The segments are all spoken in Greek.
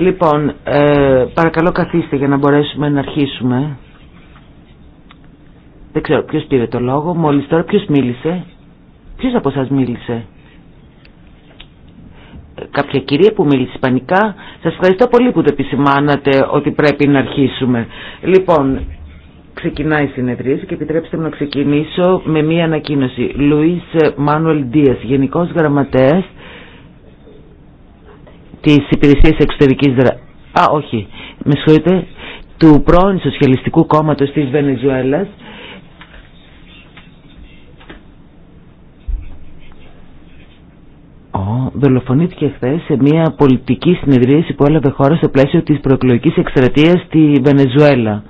Λοιπόν, ε, παρακαλώ καθίστε για να μπορέσουμε να αρχίσουμε. Δεν ξέρω ποιος πήρε το λόγο. Μόλις τώρα ποιος μίλησε. Ποιος από σας μίλησε. Ε, κάποια κυρία που μίλησε ισπανικά. Σας ευχαριστώ πολύ που το επισημάνατε ότι πρέπει να αρχίσουμε. Λοιπόν, ξεκινάει η συνεδρίαση και επιτρέψτε μου να ξεκινήσω με μία ανακοίνωση. Λουίς Μάνουελ Ντίας, Γενικός Γραμματέας της Υπηρεσίας Εξωτερικής Δρα... Α, όχι, με συγχωρείτε, του πρώην Σοσιαλιστικού Κόμματος της Βενεζουέλας, δολοφονήθηκε χθε σε μια πολιτική συνεδρίαση που έλαβε χώρα στο πλαίσιο της προεκλογικής εκστρατείας στη Βενεζουέλα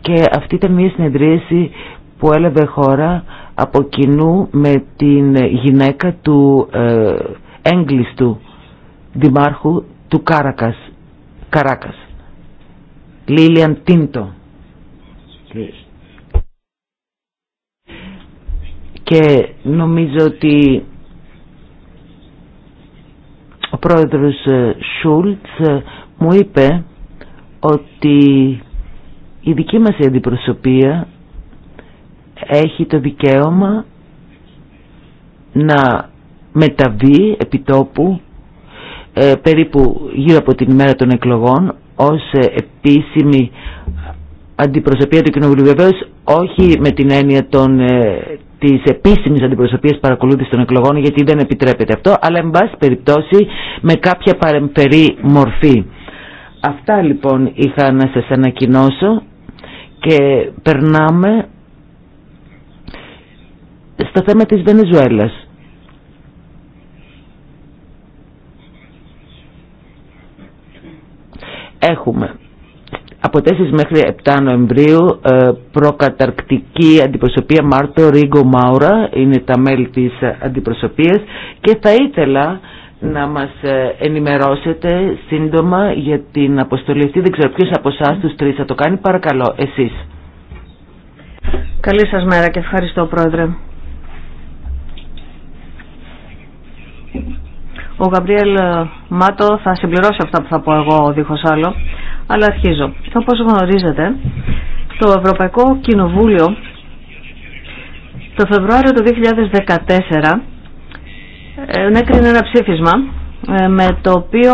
και αυτή ήταν μια συνεδρίαση που έλαβε χώρα από κοινού με την γυναίκα του ε, έγκλειστου δημάρχου του Κάρακας, Καράκας, Λίλιαν Τίντο. Και νομίζω ότι ο πρόεδρος ε, Σούλτς ε, μου είπε ότι η δική μας αντιπροσωπεία έχει το δικαίωμα να μεταβεί επιτόπου ε, περίπου γύρω από την ημέρα των εκλογών ως ε, επίσημη αντιπροσωπεία του Κοινοβουλίου βεβαίως όχι με την έννοια των, ε, της επίσημης αντιπροσωπείας παρακολούθησης των εκλογών γιατί δεν επιτρέπεται αυτό αλλά εν πάση περιπτώσει με κάποια παρεμφερή μορφή Αυτά λοιπόν είχα να σας ανακοινώσω και περνάμε στο θέμα της Βενεζουέλας. Έχουμε από 4 μέχρι 7 Νοεμβρίου ε, προκαταρκτική αντιπροσωπεία Μάρτο Ρίγκο Μάουρα είναι τα μέλη της αντιπροσωπείας και θα ήθελα να μας ε, ενημερώσετε σύντομα για την αποστολή αυτή. Δεν ξέρω ποιος από εσά τους τρεις θα το κάνει. Παρακαλώ, εσείς. Καλή σας μέρα και ευχαριστώ, Πρόεδρε. Ο Γαμπρίελ Μάτο θα συμπληρώσει αυτά που θα πω εγώ δίχως άλλο, αλλά αρχίζω. Όπως γνωρίζετε, το Ευρωπαϊκό Κοινοβούλιο το Φεβρουάριο του 2014 ε, να ένα ψήφισμα ε, με το οποίο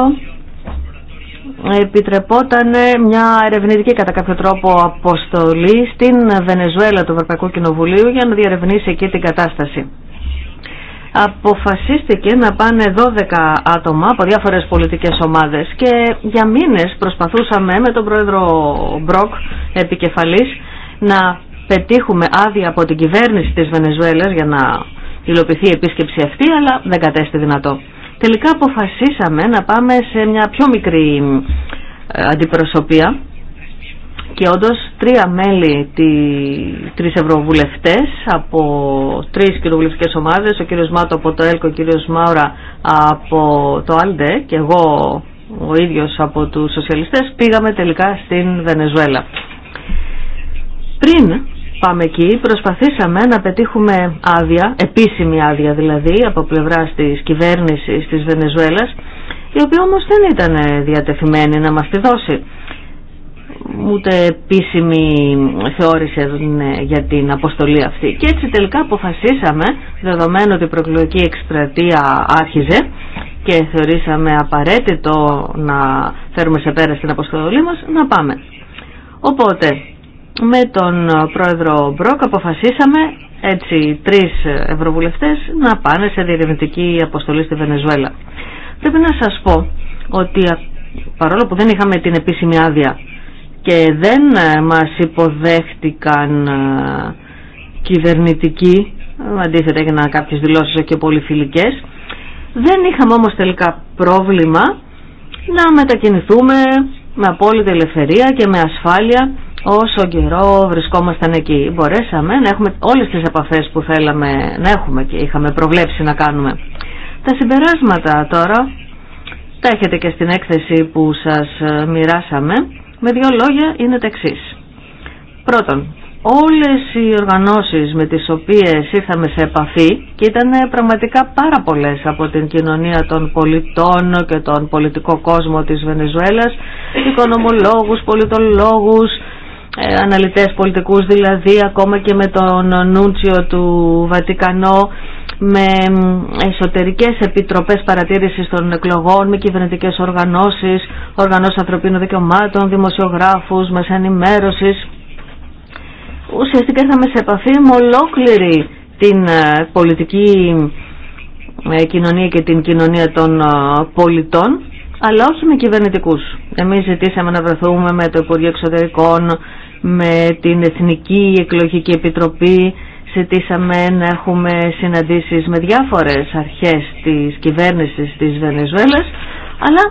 επιτρεπόταν μια ερευνητική κατά κάποιο τρόπο αποστολή στην Βενεζουέλα του Ευρωπαϊκού Κοινοβουλίου για να διαρευνήσει εκεί την κατάσταση. Αποφασίστηκε να πάνε 12 άτομα από διάφορες πολιτικές ομάδες και για μήνες προσπαθούσαμε με τον πρόεδρο Μπροκ επικεφαλής να πετύχουμε άδεια από την κυβέρνηση της Βενεζουέλας για να υλοποιηθεί η επίσκεψη αυτή, αλλά δεν κατέστη δυνατό. Τελικά αποφασίσαμε να πάμε σε μια πιο μικρή ε, αντιπροσωπεία και όντω τρία μέλη, τρει τρεις ευρωβουλευτές από τρεις κοινοβουλευτικέ ομάδες, ο κύριος Μάτο από το ΕΛΚΟ, ο κύριος Μάουρα από το ΑΛΔΕ και εγώ ο ίδιος από τους σοσιαλιστές πήγαμε τελικά στην Βενεζουέλα. Πριν πάμε εκεί. Προσπαθήσαμε να πετύχουμε άδεια, επίσημη άδεια δηλαδή, από πλευρά τη κυβέρνηση της Βενεζουέλα, η οποία όμως δεν ήταν διατεθειμένη να μας τη δώσει. Ούτε επίσημη θεώρηση για την αποστολή αυτή. Και έτσι τελικά αποφασίσαμε, δεδομένου ότι η προκλητική εκστρατεία άρχιζε και θεωρήσαμε απαραίτητο να φέρουμε σε πέρα στην αποστολή μας, να πάμε. Οπότε, με τον ε, πρόεδρο Μπρόκ αποφασίσαμε έτσι τρεις ευρωβουλευτές να πάνε σε διερευνητική αποστολή στη Βενεζουέλα. Πρέπει να σας πω ότι παρόλο που δεν είχαμε την επίσημη άδεια και δεν ε, μας υποδέχτηκαν ε, κυβερνητικοί, αντίθετα έγιναν κάποιες δηλώσεις και πολύ φιλικές, δεν είχαμε όμως τελικά πρόβλημα να μετακινηθούμε με απόλυτη ελευθερία και με ασφάλεια Όσο καιρό βρισκόμασταν εκεί, μπορέσαμε να έχουμε όλες τις επαφές που θέλαμε να έχουμε και είχαμε προβλέψει να κάνουμε. Τα συμπεράσματα τώρα τα έχετε και στην έκθεση που σας ε, μοιράσαμε. Με δύο λόγια είναι τα εξή. Πρώτον, όλες οι οργανώσεις με τις οποίες ήρθαμε σε επαφή και ήταν πραγματικά πάρα πολλέ από την κοινωνία των πολιτών και τον πολιτικό κόσμο της Βενεζουέλας, οικονομολόγους, πολιτολόγους, ε, αναλυτές πολιτικούς, δηλαδή ακόμα και με τον νούντσιο του Βατικανό, με εσωτερικές επιτροπές παρατήρησης των εκλογών, με κυβερνητικές οργανώσεις, οργανώσεις ανθρωπίνων δικαιωμάτων, δημοσιογράφους, μέσα ενημέρωσης. Ουσιαστικά ήρθαμε σε επαφή με ολόκληρη την ε, πολιτική ε, κοινωνία και την κοινωνία των πολιτών αλλά όχι με κυβερνητικούς. Εμείς ζητήσαμε να βρεθούμε με το Υπουργείο Εξωτερικών, με την Εθνική Εκλογική Επιτροπή ζητήσαμε να έχουμε συναντήσεις με διάφορες αρχές της κυβέρνησης της Βενεζουέλας αλλά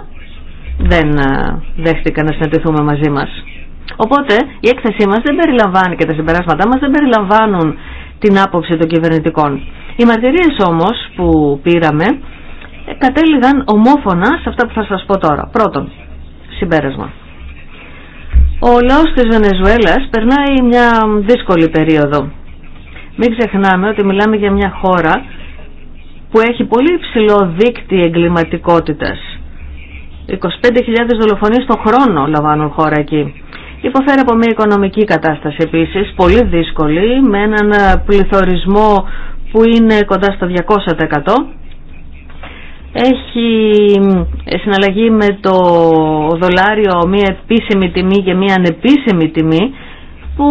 δεν ε, δέχτηκαν να συναντηθούμε μαζί μας. Οπότε η έκθεσή μας δεν περιλαμβάνει και τα συμπεράσματά μας δεν περιλαμβάνουν την άποψη των κυβερνητικών. Οι μαρτυρίες όμως που πήραμε ε, κατέληγαν ομόφωνα σε αυτά που θα σας πω τώρα. Πρώτον, συμπέρασμα. Ο λαός της Βενεζουέλας περνάει μια δύσκολη περίοδο. Μην ξεχνάμε ότι μιλάμε για μια χώρα που έχει πολύ υψηλό δίκτυο εγκληματικότητας. 25.000 δολοφονίες στον χρόνο λαμβάνουν χώρα εκεί. Υποφέρει από μια οικονομική κατάσταση επίσης, πολύ δύσκολη, με έναν πληθωρισμό που είναι κοντά στο 200% έχει συναλλαγή με το δολάριο μία επίσημη τιμή και μία ανεπίσημη τιμή που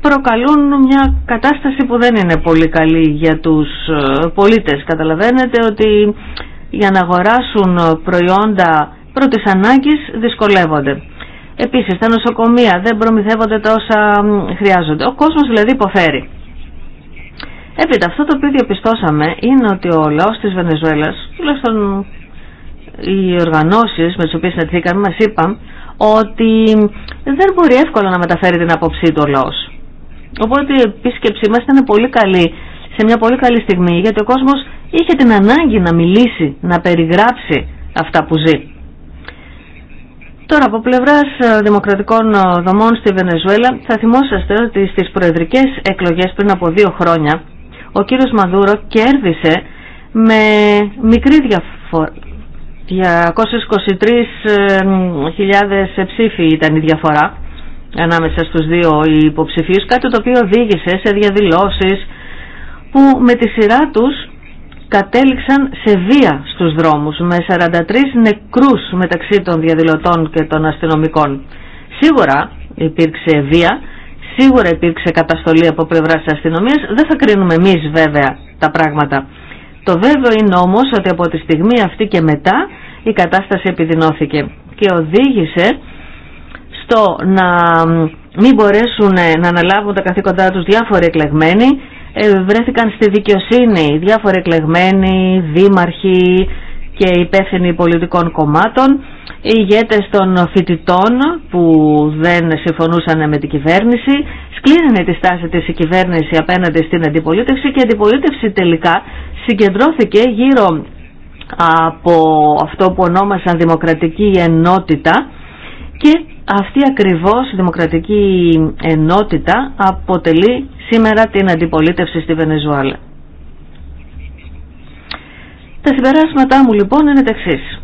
προκαλούν μια κατάσταση που δεν είναι πολύ καλή για τους ε, πολίτες. Καταλαβαίνετε ότι για να αγοράσουν προϊόντα πρώτης ανάγκης δυσκολεύονται. Επίσης τα νοσοκομεία δεν προμηθεύονται τα όσα χρειάζονται. Ο κόσμος δηλαδή υποφέρει. Έπειτα αυτό το οποίο διαπιστώσαμε είναι ότι ο λαός της Βενεζουέλας τουλάχιστον οι οργανώσει με τι οποίε συναντηθήκαμε μα είπαν ότι δεν μπορεί εύκολα να μεταφέρει την απόψή του ο Οπότε η επίσκεψή μα ήταν πολύ καλή, σε μια πολύ καλή στιγμή, γιατί ο κόσμο είχε την ανάγκη να μιλήσει, να περιγράψει αυτά που ζει. Τώρα από πλευρά ε, δημοκρατικών ε, δομών στη Βενεζουέλα θα θυμόσαστε ότι στι προεδρικέ εκλογέ πριν από δύο χρόνια ο κύριο Μαδούρο κέρδισε με μικρή διαφορά. Ε, 223.000 ψήφοι ήταν η διαφορά ανάμεσα στους δύο υποψηφίους, κάτι το οποίο οδήγησε σε διαδηλώσεις που με τη σειρά τους κατέληξαν σε βία στους δρόμους με 43 νεκρούς μεταξύ των διαδηλωτών και των αστυνομικών. Σίγουρα υπήρξε βία, σίγουρα υπήρξε καταστολή από πλευρά της αστυνομίας, δεν θα κρίνουμε εμείς βέβαια τα πράγματα. Το βέβαιο είναι όμως ότι από τη στιγμή αυτή και μετά η κατάσταση επιδεινώθηκε και οδήγησε στο να μην μπορέσουν να αναλάβουν τα καθήκοντά τους διάφοροι εκλεγμένοι ε, βρέθηκαν στη δικαιοσύνη διάφοροι εκλεγμένοι, δήμαρχοι και υπεύθυνοι πολιτικών κομμάτων, οι ηγέτες των φοιτητών που δεν συμφωνούσαν με την κυβέρνηση, σκλίνανε τη στάση της η κυβέρνηση απέναντι στην αντιπολίτευση και η αντιπολίτευση τελικά συγκεντρώθηκε γύρω από αυτό που ονόμασαν Δημοκρατική Ενότητα και αυτή ακριβώς η Δημοκρατική Ενότητα αποτελεί σήμερα την αντιπολίτευση στη Βενεζουάλα. Τα συμπεράσματά μου λοιπόν είναι τα εξής.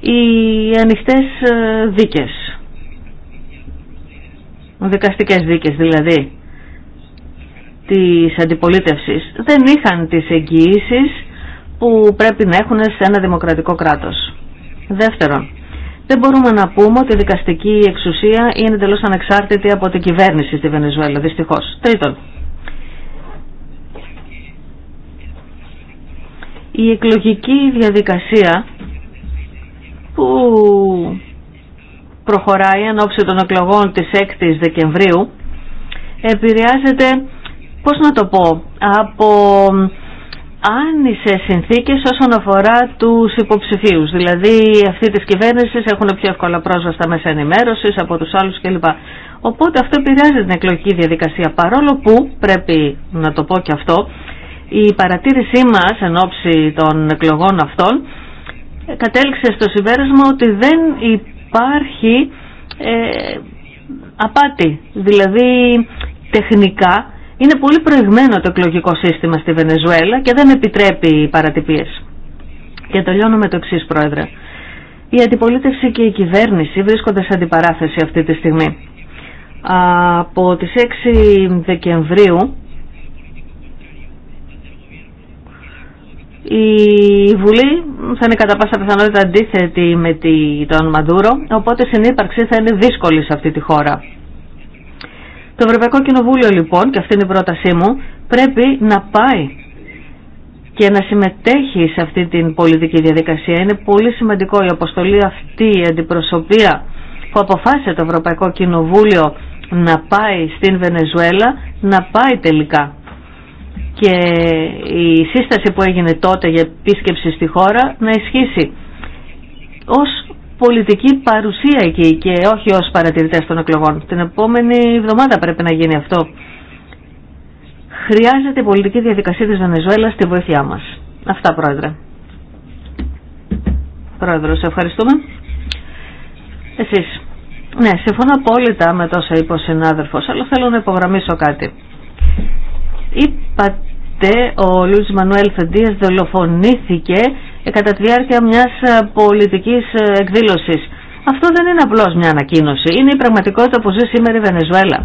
Οι ανοιχτές ε, δίκες, δικαστικές δίκες δηλαδή, της αντιπολίτευσης δεν είχαν τις εγγυήσει που πρέπει να έχουν σε ένα δημοκρατικό κράτος. Δεύτερον, δεν μπορούμε να πούμε ότι η δικαστική εξουσία είναι εντελώ ανεξάρτητη από την κυβέρνηση στη Βενεζουέλα, δυστυχώς. Τρίτον, η εκλογική διαδικασία που προχωράει εν ώψη των εκλογών της 6ης Δεκεμβρίου επηρεάζεται πώς να το πω, από άνισες συνθήκες όσον αφορά τους υποψηφίους. Δηλαδή αυτοί της κυβέρνησης έχουν πιο εύκολα πρόσβαση στα μέσα ενημέρωσης από τους άλλους κλπ. Οπότε αυτό επηρεάζει την εκλογική διαδικασία. Παρόλο που, πρέπει να το πω και αυτό, η παρατήρησή μας εν ώψη των εκλογών αυτών κατέληξε στο συμπέρασμα ότι δεν υπάρχει ε, απάτη. Δηλαδή τεχνικά είναι πολύ προηγμένο το εκλογικό σύστημα στη Βενεζουέλα και δεν επιτρέπει παρατυπίες. Και τελειώνω με το εξή Πρόεδρε. Η αντιπολίτευση και η κυβέρνηση βρίσκονται σε αντιπαράθεση αυτή τη στιγμή. Από τις 6 Δεκεμβρίου η Βουλή θα είναι κατά πάσα πιθανότητα αντίθετη με τον Μαντούρο, οπότε η συνύπαρξη θα είναι δύσκολη σε αυτή τη χώρα. Το Ευρωπαϊκό Κοινοβούλιο λοιπόν, και αυτή είναι η πρότασή μου, πρέπει να πάει και να συμμετέχει σε αυτή την πολιτική διαδικασία. Είναι πολύ σημαντικό η αποστολή αυτή, η αντιπροσωπεία που αποφάσισε το Ευρωπαϊκό Κοινοβούλιο να πάει στην Βενεζουέλα, να πάει τελικά. Και η σύσταση που έγινε τότε για επίσκεψη στη χώρα να ισχύσει πολιτική παρουσία εκεί και όχι ως παρατηρητές των εκλογών. Την επόμενη εβδομάδα πρέπει να γίνει αυτό. Χρειάζεται η πολιτική διαδικασία της Βενεζουέλας στη βοήθειά μας. Αυτά, Πρόεδρε. Πρόεδρο, σε ευχαριστούμε. Εσείς. Ναι, συμφωνώ απόλυτα με τόσα είπε ο συνάδελφος, αλλά θέλω να υπογραμμίσω κάτι. Είπατε ο Λούις Μανουέλ Φεντίας δολοφονήθηκε κατά τη διάρκεια μιας ε, πολιτικής ε, εκδήλωσης. Αυτό δεν είναι απλώς μια ανακοίνωση, είναι η πραγματικότητα που ζει σήμερα η Βενεζουέλα.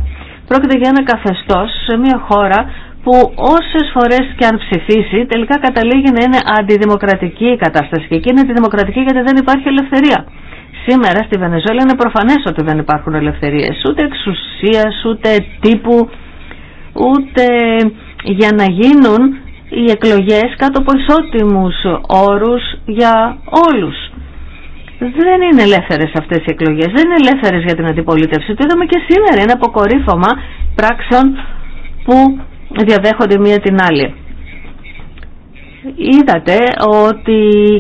Πρόκειται για ένα καθεστώς σε μια χώρα που όσες φορές και αν ψηφίσει τελικά καταλήγει να είναι αντιδημοκρατική η κατάσταση και είναι αντιδημοκρατική γιατί δεν υπάρχει ελευθερία. Σήμερα στη Βενεζουέλα είναι προφανές ότι δεν υπάρχουν ελευθερίες ούτε εξουσίας, ούτε τύπου, ούτε για να γίνουν οι εκλογές κάτω από ισότιμους όρους για όλους. Δεν είναι ελεύθερε αυτές οι εκλογές, δεν είναι ελεύθερε για την αντιπολίτευση. Το είδαμε και σήμερα, είναι αποκορύφωμα πράξεων που διαδέχονται μία την άλλη. Είδατε ότι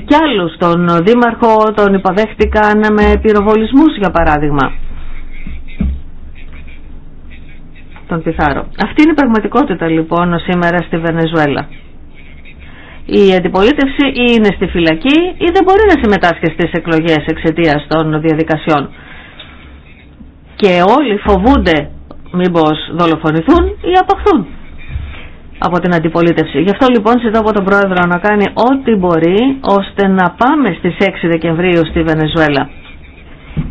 κι άλλους τον δήμαρχο τον υποδέχτηκαν με πυροβολισμούς για παράδειγμα. Τον Πιθάρο. Αυτή είναι η πραγματικότητα λοιπόν σήμερα στη Βενεζουέλα η αντιπολίτευση ή είναι στη φυλακή ή δεν μπορεί να συμμετάσχει στις εκλογές εξαιτία των διαδικασιών. Και όλοι φοβούνται μήπως δολοφονηθούν ή απαχθούν από την αντιπολίτευση. Γι' αυτό λοιπόν ζητώ από τον Πρόεδρο να κάνει ό,τι μπορεί ώστε να πάμε στις 6 Δεκεμβρίου στη Βενεζουέλα.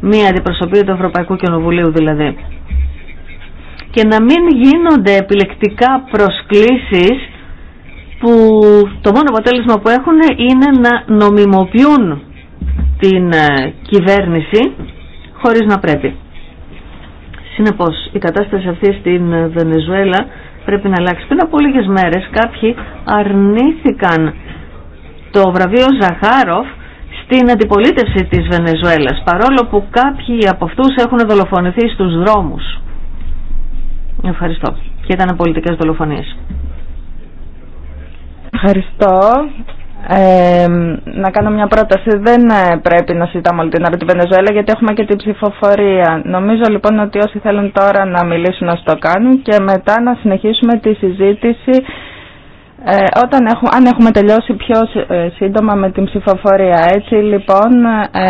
Μία αντιπροσωπή του Ευρωπαϊκού Κοινοβουλίου δηλαδή. Και να μην γίνονται επιλεκτικά προσκλήσεις που το μόνο αποτέλεσμα που έχουν είναι να νομιμοποιούν την ε, κυβέρνηση χωρίς να πρέπει. Συνεπώς, η κατάσταση αυτή στην Βενεζουέλα πρέπει να αλλάξει. Πριν από λίγες μέρες κάποιοι αρνήθηκαν το βραβείο Ζαχάροφ στην αντιπολίτευση της Βενεζουέλας, παρόλο που κάποιοι από αυτούς έχουν δολοφονηθεί στους δρόμους. Ευχαριστώ. Και ήταν πολιτικές δολοφονίες. Ευχαριστώ. να κάνω μια πρόταση. Δεν ε, πρέπει να συζητάμε όλη την ώρα Βενεζουέλα γιατί έχουμε και την ψηφοφορία. Νομίζω λοιπόν ότι όσοι θέλουν τώρα να μιλήσουν να το κάνουν και μετά να συνεχίσουμε τη συζήτηση ε, όταν έχουμε, αν έχουμε τελειώσει πιο ε, σύντομα με την ψηφοφορία. Έτσι λοιπόν ε,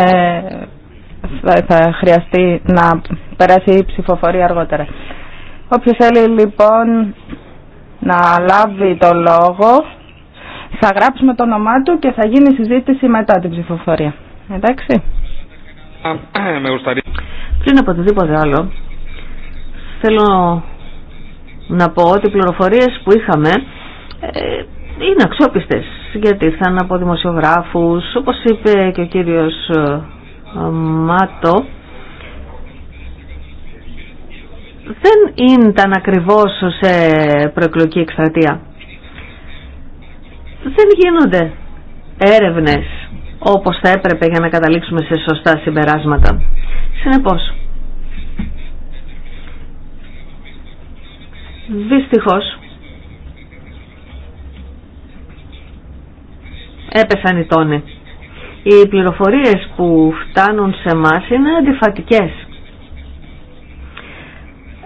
θα, θα χρειαστεί να περάσει η ψηφοφορία αργότερα. Όποιος θέλει λοιπόν να λάβει το λόγο θα γράψουμε το όνομά του και θα γίνει συζήτηση μετά την ψηφοφορία. Εντάξει. Πριν από οτιδήποτε άλλο, θέλω να πω ότι οι πληροφορίες που είχαμε ε, είναι αξιόπιστες γιατί ήρθαν από δημοσιογράφους όπως είπε και ο κύριος ε, Μάτο δεν ήταν ακριβώς σε προεκλογική εκστρατεία δεν γίνονται έρευνες όπως θα έπρεπε για να καταλήξουμε σε σωστά συμπεράσματα. Συνεπώς, δυστυχώς έπεσαν οι τόνοι. Οι πληροφορίες που φτάνουν σε μας είναι αντιφατικές.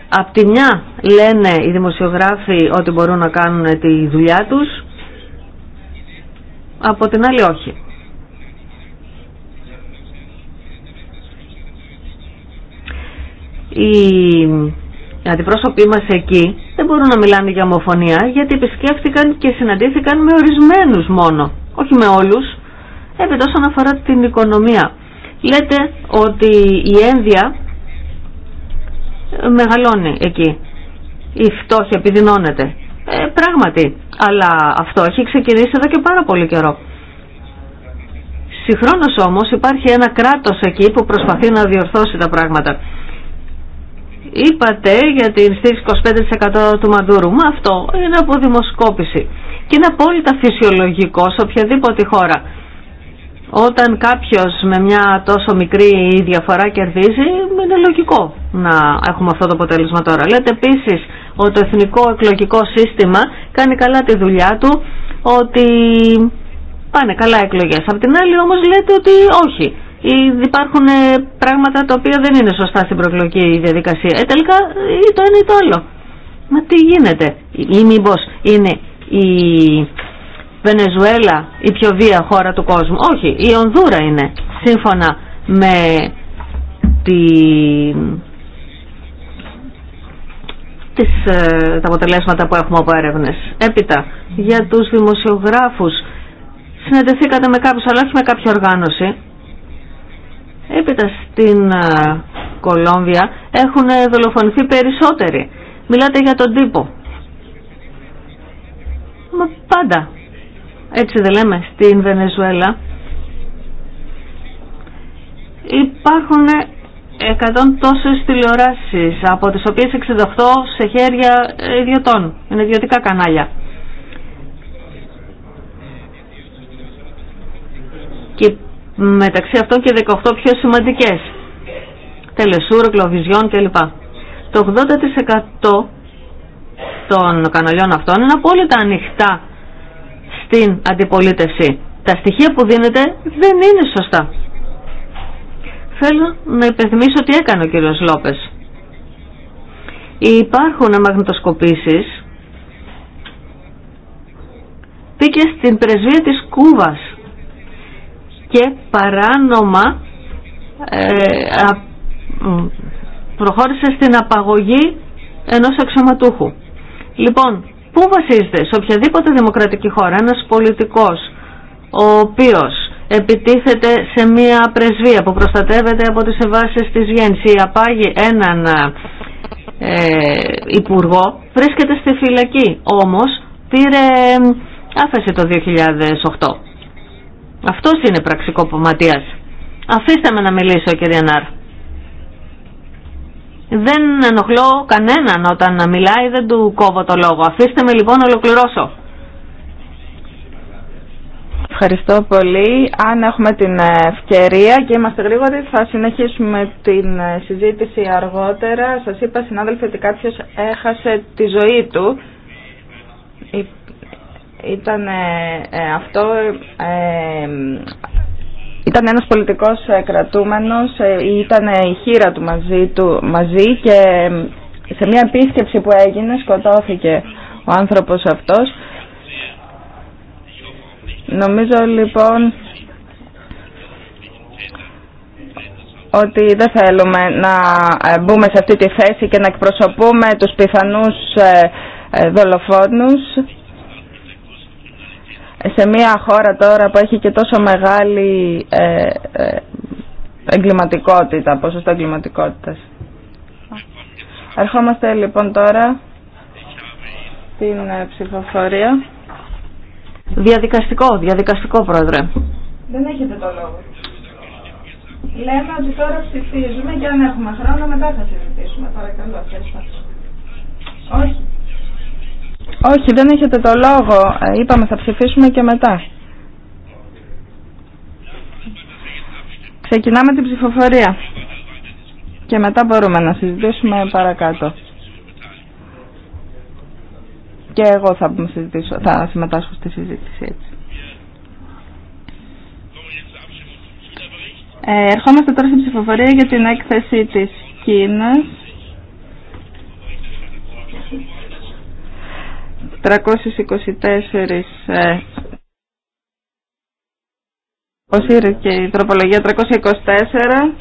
Απ' τη μια λένε οι δημοσιογράφοι ότι μπορούν να κάνουν τη δουλειά τους από την άλλη όχι. Οι αντιπρόσωποι μας εκεί δεν μπορούν να μιλάνε για ομοφωνία γιατί επισκέφτηκαν και συναντήθηκαν με ορισμένους μόνο, όχι με όλους. Έπειτα όσον αφορά την οικονομία. Λέτε ότι η ένδια μεγαλώνει εκεί. Η φτώχεια επιδεινώνεται. Ε, πράγματι. Αλλά αυτό έχει ξεκινήσει εδώ και πάρα πολύ καιρό. Συγχρόνως όμως υπάρχει ένα κράτος εκεί που προσπαθεί να διορθώσει τα πράγματα. Είπατε για την στήριξη 25% του Μαντούρου. Μα αυτό είναι από δημοσκόπηση. Και είναι απόλυτα φυσιολογικό σε οποιαδήποτε χώρα. Όταν κάποιος με μια τόσο μικρή διαφορά κερδίζει, είναι λογικό να έχουμε αυτό το αποτέλεσμα τώρα. Λέτε επίσης ότι το εθνικό εκλογικό σύστημα κάνει καλά τη δουλειά του, ότι πάνε καλά εκλογές. Απ' την άλλη όμως λέτε ότι όχι. Υπάρχουν ε, πράγματα τα οποία δεν είναι σωστά στην προεκλογική διαδικασία. Ε, τελικά ή ε, το ένα ή το άλλο. Μα τι γίνεται. Ή μήπω είναι η Βενεζουέλα η πιο βία χώρα του κόσμου. Όχι, η Ονδούρα είναι σύμφωνα με την τις, ε, τα αποτελέσματα που έχουμε από έρευνε. Έπειτα, για τους δημοσιογράφους, συνεδεθήκατε με κάποιου, αλλά όχι με κάποια οργάνωση. Έπειτα, στην ε, Κολόμβια έχουν δολοφονηθεί περισσότεροι. Μιλάτε για τον τύπο. Μα πάντα. Έτσι δεν λέμε στην Βενεζουέλα. Υπάρχουν εκατόν τόσες τηλεοράσει από τις οποίες 68 σε χέρια ε, ιδιωτών, είναι ιδιωτικά κανάλια. Και μεταξύ αυτών και 18 πιο σημαντικέ. τελεσούρο, κλοβιζιόν κλπ. Το 80% των καναλιών αυτών είναι απόλυτα ανοιχτά στην αντιπολίτευση. Τα στοιχεία που δίνεται δεν είναι σωστά. Θέλω να υπενθυμίσω τι έκανε ο κύριος Λόπες. Υπάρχουν αμαγνητοσκοπήσεις πήγε στην πρεσβεία της Κούβας και παράνομα ε, προχώρησε στην απαγωγή ενός αξιωματούχου. Λοιπόν, πού βασίζεται σε οποιαδήποτε δημοκρατική χώρα ένας πολιτικός ο οποίος επιτίθεται σε μία πρεσβεία που προστατεύεται από τις εμβάσεις της Γέννηση. Απάγει έναν ε, υπουργό, βρίσκεται στη φυλακή, όμως πήρε άφεση το 2008. Αυτός είναι ποματιάς Αφήστε με να μιλήσω κύριε Νάρ. Δεν ενοχλώ κανέναν όταν μιλάει, δεν του κόβω το λόγο. Αφήστε με λοιπόν να ολοκληρώσω. Ευχαριστώ πολύ. Αν έχουμε την ευκαιρία και είμαστε γρήγοροι θα συνεχίσουμε την ε, συζήτηση αργότερα. Σας είπα συνάδελφε ότι κάποιος έχασε τη ζωή του. Ήταν ε, ε, αυτό... Ήταν ένας πολιτικός κρατούμενος, ήταν η χείρα του μαζί, του μαζί και σε μια επίσκεψη που έγινε σκοτώθηκε ο άνθρωπος αυτός. Νομίζω λοιπόν ότι δεν θέλουμε να ε, μπούμε σε αυτή τη θέση και να εκπροσωπούμε τους πιθανούς ε, ε, δολοφόνους σε μια χώρα τώρα που έχει και τόσο μεγάλη εγκληματικότητα, ποσοστό εγκληματικότητας. Ερχόμαστε λοιπόν τώρα στην ψηφοφορία. Διαδικαστικό, διαδικαστικό πρόεδρε. Δεν έχετε το λόγο. Λέμε ότι τώρα ψηφίζουμε και αν έχουμε χρόνο μετά θα συζητήσουμε. Παρακαλώ, Όχι. Όχι, δεν έχετε το λόγο. Ε, είπαμε θα ψηφίσουμε και μετά. Ξεκινάμε την ψηφοφορία. Και μετά μπορούμε να συζητήσουμε παρακάτω και εγώ θα, συζητήσω, θα συμμετάσχω στη συζήτηση έτσι. Ε, ερχόμαστε τώρα στην ψηφοφορία για την έκθεση της Κίνας. 324 ε, και η τροπολογία 324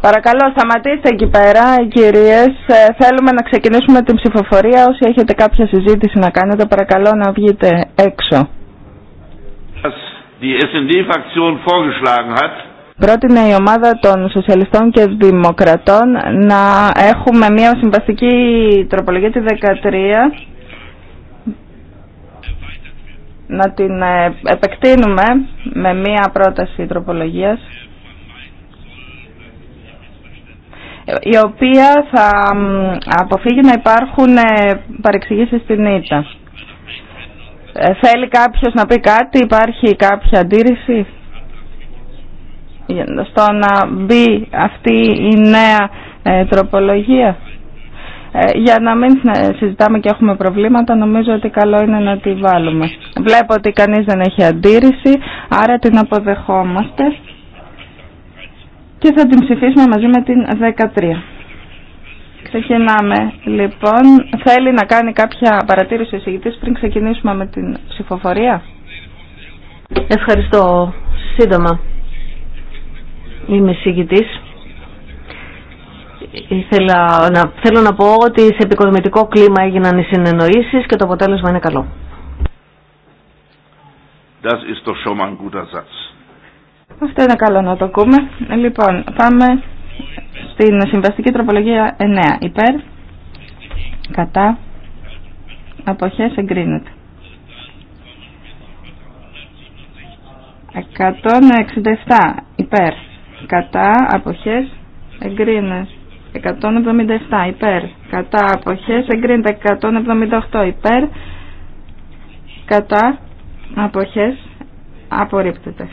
Παρακαλώ, σταματήστε εκεί πέρα, κυρίε. Ε, θέλουμε να ξεκινήσουμε την ψηφοφορία. Όσοι έχετε κάποια συζήτηση να κάνετε, παρακαλώ να βγείτε έξω. Πρότεινε η ομάδα των Σοσιαλιστών και Δημοκρατών να έχουμε μια συμβαστική τροπολογία τη 13 να την ε, επεκτείνουμε με μια πρόταση τροπολογίας η οποία θα αποφύγει να υπάρχουν ε, παρεξηγήσεις στην ΙΤΑ. Ε, θέλει κάποιος να πει κάτι, υπάρχει κάποια αντίρρηση στο να μπει αυτή η νέα ε, τροπολογία. Για να μην συζητάμε και έχουμε προβλήματα, νομίζω ότι καλό είναι να τη βάλουμε. Βλέπω ότι κανείς δεν έχει αντίρρηση, άρα την αποδεχόμαστε και θα την ψηφίσουμε μαζί με την 13. Ξεκινάμε λοιπόν. Θέλει να κάνει κάποια παρατήρηση ο εισηγητής πριν ξεκινήσουμε με την ψηφοφορία. Ευχαριστώ. Σύντομα. Είμαι εισηγητής. Ήθελα θέλω να πω ότι σε επικοδομητικό κλίμα έγιναν οι συνεννοήσεις και το αποτέλεσμα είναι καλό. Das ist doch schon mal αυτό είναι καλό να το ακούμε. Λοιπόν, πάμε στην συμβαστική τροπολογία 9. Υπέρ, κατά, αποχές εγκρίνεται. 167 υπέρ, κατά, αποχές εγκρίνεται. 177 υπέρ, κατά, αποχές εγκρίνεται. 178 υπέρ, κατά, αποχές απορρίπτεται.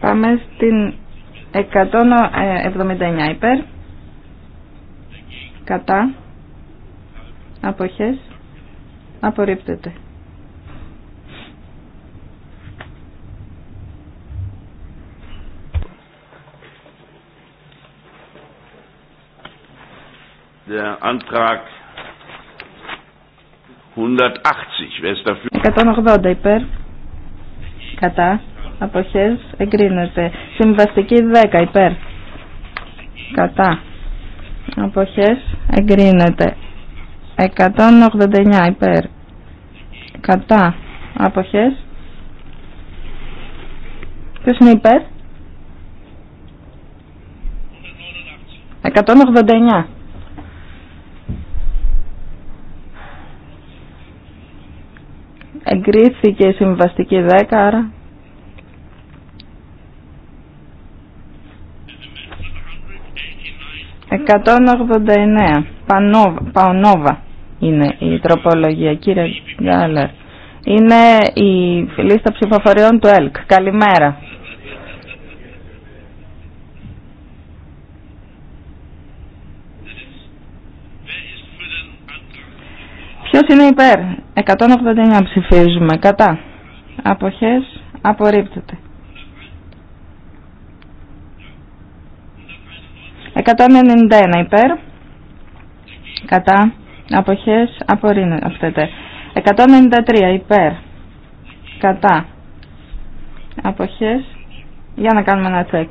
Πάμε στην 179 υπέρ. Κατά. Αποχές. Απορρίπτεται. Der Antrag 180, wer ist dafür? 180 υπέρ. Κατά αποχές εγκρίνεται. Συμβαστική 10 υπέρ κατά αποχές εγκρίνεται. 189 υπέρ κατά αποχές ποιος είναι υπέρ 189 εγκρίθηκε η συμβαστική 10 άρα 189. Παονόβα είναι η τροπολογία. Κύριε Γκάλερ, είναι η λίστα ψηφοφοριών του ΕΛΚ. Καλημέρα. Ποιος είναι υπέρ. 189 ψηφίζουμε. Κατά. Αποχές. Απορρίπτεται. 191 υπέρ. Κατά. Αποχές απορρίνεται. 193 υπέρ. Κατά. Αποχές. Για να κάνουμε ένα τσεκ.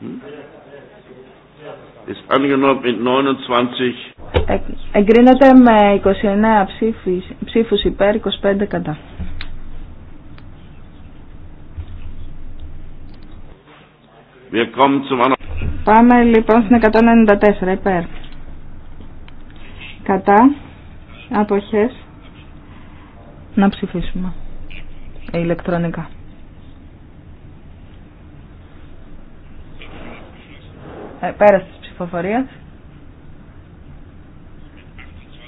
Hmm? Ist angenommen mit 29 Εγκρίνεται με 29 ψήφους, ψήφους υπέρ, 25 κατά. Πάμε λοιπόν στην 194 υπέρ. Κατά. Αποχές. Να ψηφίσουμε. Ηλεκτρονικά. Ε, τη της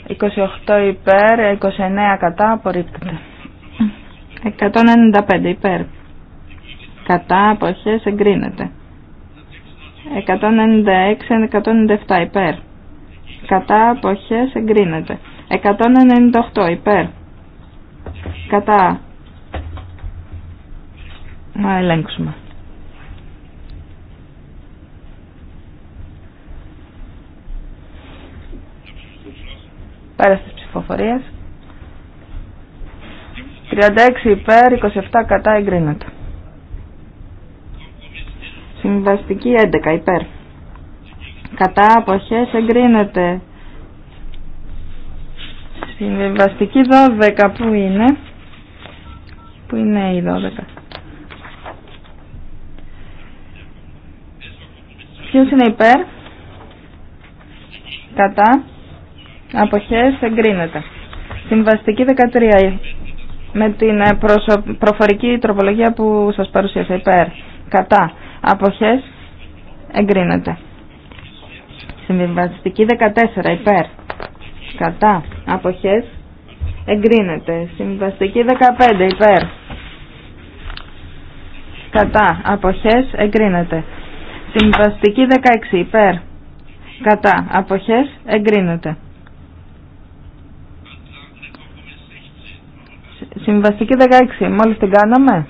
28 υπέρ, 29 κατά, απορρίπτεται. 195 υπέρ. Κατά, αποχές, εγκρίνεται. 196-197 υπέρ. Κατά, αποχές, εγκρίνεται. 198 υπέρ. Κατά. Να ελέγξουμε. πέρα της ψηφοφορίες. 36 υπέρ, 27 κατά εγκρίνεται. Συμβαστική 11 υπέρ. Κατά αποχές εγκρίνεται. Συμβαστική 12 που είναι. Που είναι η 12. Ποιος είναι υπέρ. Κατά αποχές εγκρίνεται. Συμβαστική 13 ε, με την ε, προφορική τροπολογία που σας παρουσίασα υπέρ. Κατά αποχές εγκρίνεται. Συμβαστική 14 υπέρ. Κατά αποχές εγκρίνεται. Συμβαστική 15 υπέρ. Κατά αποχές εγκρίνεται. Συμβαστική 16 υπέρ. Κατά αποχές εγκρίνεται. Συμβαστική 16. Μόλις την κάναμε.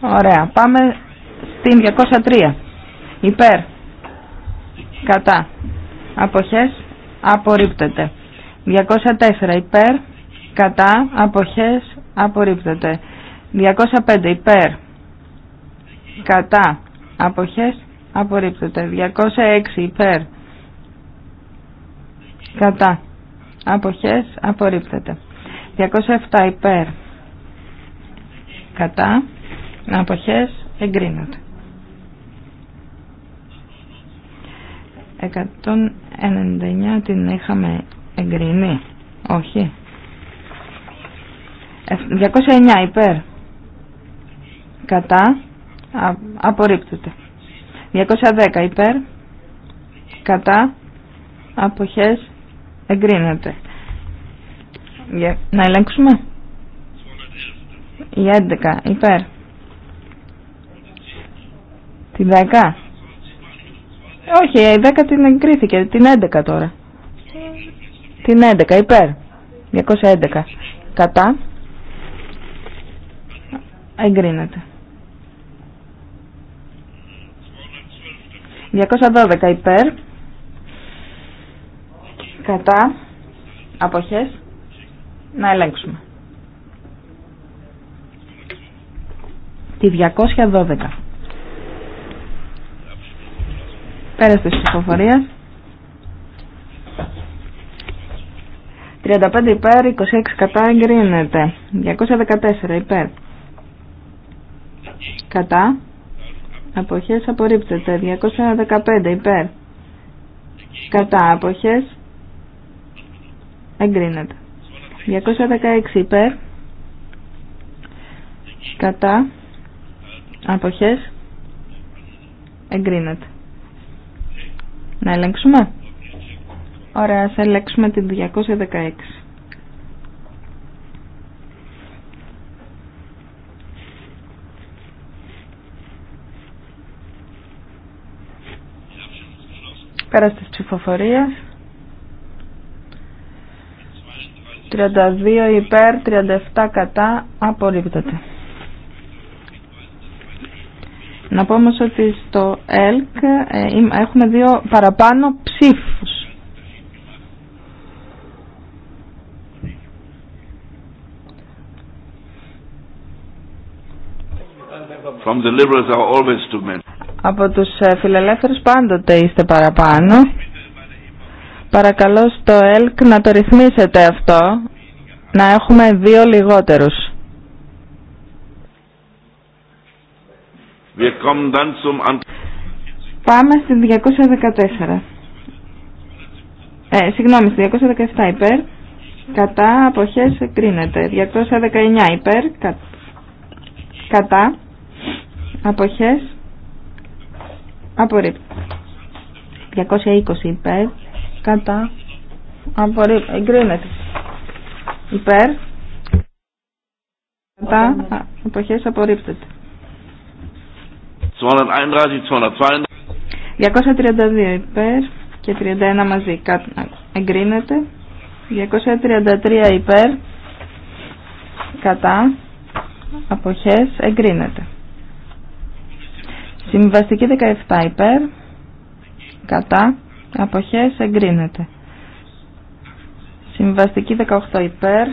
Ωραία. Πάμε στην 203. Υπέρ. Κατά. Αποχές. Απορρίπτεται. 204. Υπέρ. Κατά. Αποχές. Απορρίπτεται. 205. Υπέρ. Κατά. Αποχές. Απορρίπτεται. 206. Υπέρ. Κατά. Αποχές. Απορρίπτεται. 207 υπέρ κατά αποχές εγκρίνεται 199 την είχαμε εγκρίνει όχι 209 ε, υπέρ κατά απορρίπτεται 210 υπέρ κατά αποχές εγκρίνεται για... Να ελέγξουμε. Η 11. Υπέρ. Την 10. Όχι, η 10 την εγκρίθηκε. Την 11 τώρα. Την 11. Υπέρ. 211. Κατά. Εγκρίνεται. 212 υπέρ κατά αποχές να ελέγξουμε. Τη 212. Πέρας της ψηφοφορίας. 35 υπέρ, 26 κατά εγκρίνεται. 214 υπέρ. Κατά. Αποχές απορρίπτεται. 215 υπέρ. Κατά αποχές εγκρίνεται. 216 υπέρ κατά αποχές εγκρίνεται. Να ελέγξουμε. Ωραία, ας ελέγξουμε την 216. Πέρα της ψηφοφορίες; 32 υπέρ, 37 κατά, απορρίπτεται. Να πω όμως ότι στο ΕΛΚ ε, έχουμε δύο παραπάνω ψήφους. Από τους ε, φιλελεύθερους πάντοτε είστε παραπάνω. Παρακαλώ στο ΕΛΚ να το ρυθμίσετε αυτό, να έχουμε δύο λιγότερους. Πάμε στη 214. Ε, συγγνώμη, στη 217 υπέρ. Κατά αποχές κρίνεται. 219 υπέρ. κατά αποχές απορρίπτει. 220 υπέρ κατά απορρί... εγκρίνεται υπέρ κατά εποχές απορρίπτεται 232 υπέρ και 31 μαζί εγκρίνεται 233 υπέρ κατά αποχές εγκρίνεται συμβαστική 17 υπέρ κατά αποχές εγκρίνεται. Συμβαστική 18 υπέρ,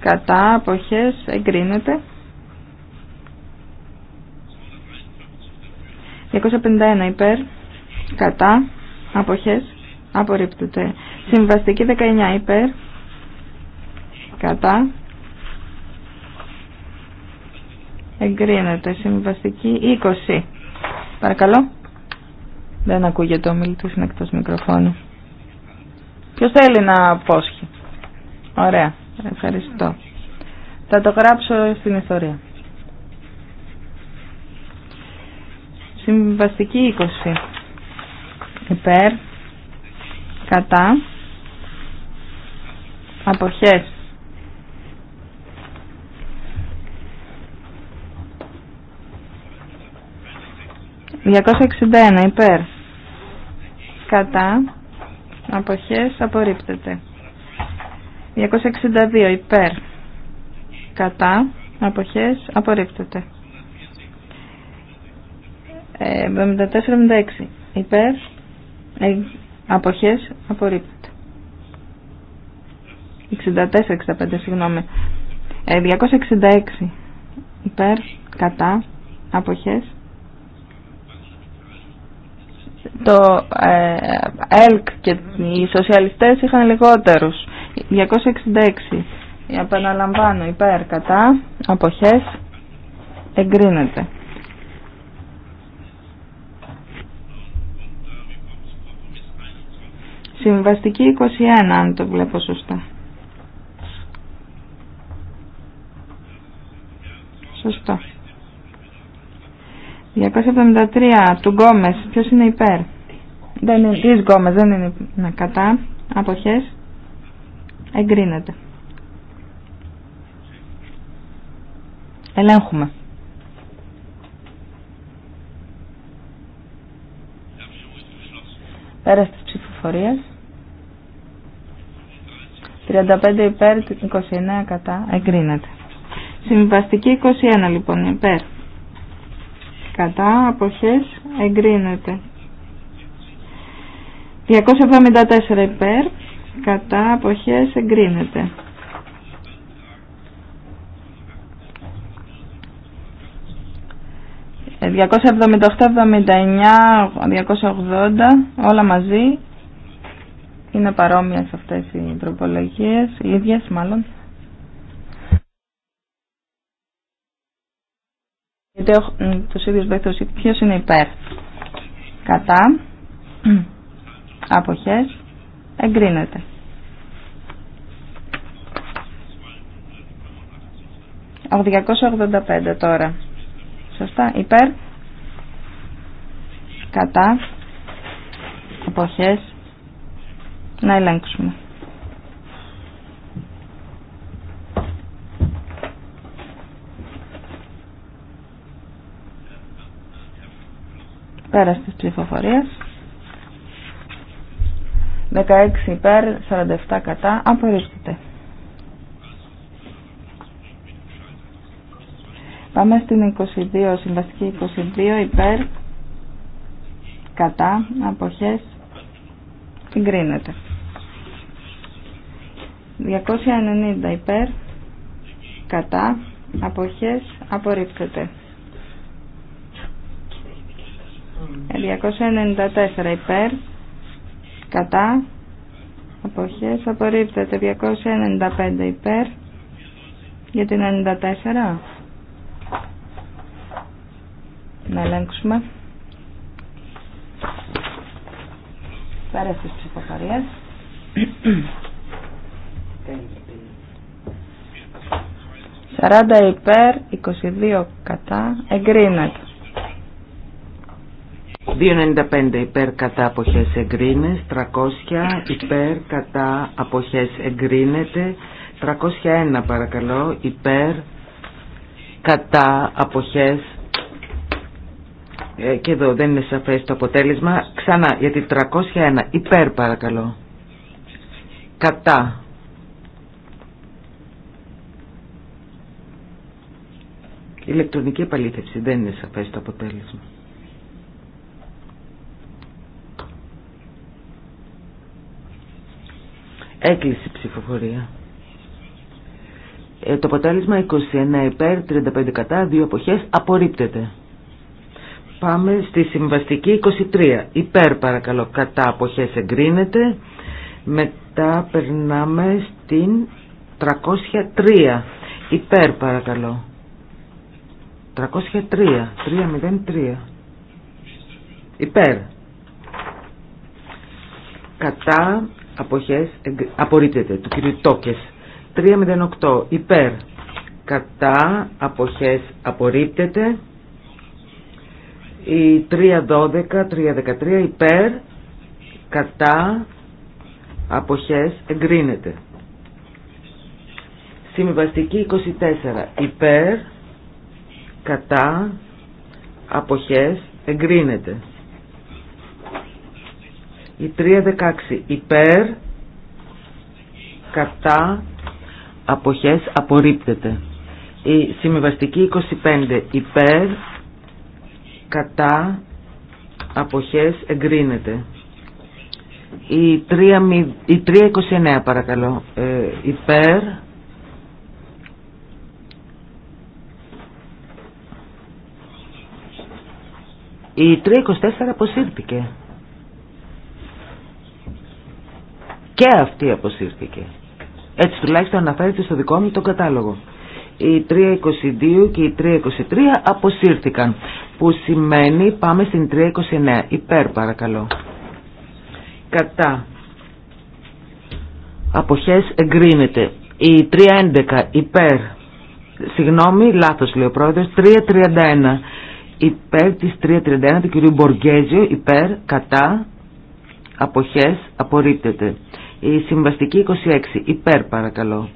κατά, αποχές εγκρίνεται. 251 υπέρ, κατά, αποχές απορρίπτεται. Συμβαστική 19 υπέρ, κατά, εγκρίνεται. Συμβαστική 20. Παρακαλώ. Δεν ακούγεται ο μιλητής, είναι εκτός μικροφώνου. Ποιος θέλει να πόσχει. Ωραία, ευχαριστώ. Θα το γράψω στην ιστορία. Συμβαστική 20. Υπέρ. Κατά. Αποχές. 261 υπέρ κατά αποχές απορρίπτεται 262 υπέρ κατά αποχές απορρίπτεται 74-76 υπέρ ε, αποχές απορρίπτεται 64-65 συγγνώμη 266 ε, υπέρ κατά αποχές το ε, ΕΛΚ και οι σοσιαλιστές είχαν λιγότερους. 266. Επαναλαμβάνω υπέρ κατά αποχές εγκρίνεται. Συμβαστική 21 αν το βλέπω σωστά. Σωστό. 273 του Γκόμες. Ποιος είναι υπέρ. Δεν είναι τίς γόμες, δεν είναι να κατά. Αποχές. Εγκρίνεται. Ελέγχουμε. Πέρας της ψηφοφορίας. 35 υπέρ, 29 κατά. Εγκρίνεται. Συμβαστική 21 λοιπόν υπέρ. Κατά αποχές εγκρίνεται. 274 υπέρ, κατά αποχές εγκρίνεται. 278, 79, 280, όλα μαζί είναι παρόμοια σε αυτές οι τροπολογίες, οι ίδιες μάλλον. Γιατί τους ίδιους βέθους, ποιος είναι υπέρ. Κατά αποχές εγκρίνεται. Ο 285 τώρα. Σωστά. Υπέρ. Κατά. Αποχές. Να ελέγξουμε. Πέρα της ψηφοφορίας. 16 υπέρ, 47 κατά, απορρίπτεται. Πάμε στην 22, συμβαστική 22 υπέρ, κατά, αποχές, συγκρίνεται. 290 υπέρ, κατά, αποχές, απορρίπτεται. 294 υπέρ, κατά αποχές απορρίπτεται 295 υπέρ για την 94 να ελέγξουμε πέρα στις ψηφοφορίες Σαράντα υπέρ, 22 κατά, εγκρίνεται. 2,95 υπέρ κατά αποχές εγκρίνες, 300 υπέρ κατά αποχές εγκρίνεται, 301 παρακαλώ υπέρ κατά αποχές ε, και εδώ δεν είναι σαφές το αποτέλεσμα ξανά γιατί 301 υπέρ παρακαλώ κατά ηλεκτρονική επαλήθευση δεν είναι σαφές το αποτέλεσμα Έκλεισε η ψηφοφορία. Ε, το αποτέλεσμα 21 υπέρ, 35 κατά, δύο αποχές, απορρίπτεται. Πάμε στη συμβαστική 23. Υπέρ παρακαλώ, κατά αποχές εγκρίνεται. Μετά περνάμε στην 303. Υπέρ παρακαλώ. 303. 303. Υπέρ. Κατά αποχές απορρίπτεται του κυρίου Τόκες 308 υπέρ κατά αποχές απορρίπτεται η 312 313 υπέρ κατά αποχές εγκρίνεται Συμβαστική 24 υπέρ κατά αποχές εγκρίνεται η 316 υπέρ, κατά, αποχές απορρίπτεται. Η συμβιβαστική 25 υπέρ, κατά, αποχές εγκρίνεται. Η 329 παρακαλώ, ε, υπέρ, Η 324 αποσύρθηκε. και αυτή αποσύρθηκε. Έτσι τουλάχιστον αναφέρεται στο δικό μου τον κατάλογο. Οι 322 και οι 323 αποσύρθηκαν, που σημαίνει πάμε στην 329. Υπέρ παρακαλώ. Κατά. Αποχές εγκρίνεται. Η 311 υπέρ. Συγγνώμη, λάθος λέει ο πρόεδρος. 331 υπέρ της 331 του κυρίου Μποργέζιο υπέρ κατά αποχές απορρίπτεται η συμβαστική 26 υπέρ παρακαλώ.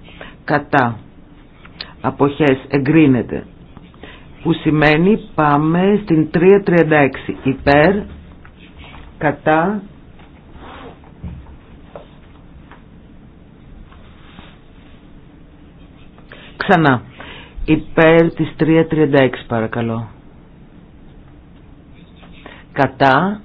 Κατά. Αποχές εγκρίνεται. Που σημαίνει πάμε στην 336 υπέρ. Κατά. Ξανά. Υπέρ της 336 παρακαλώ. Κατά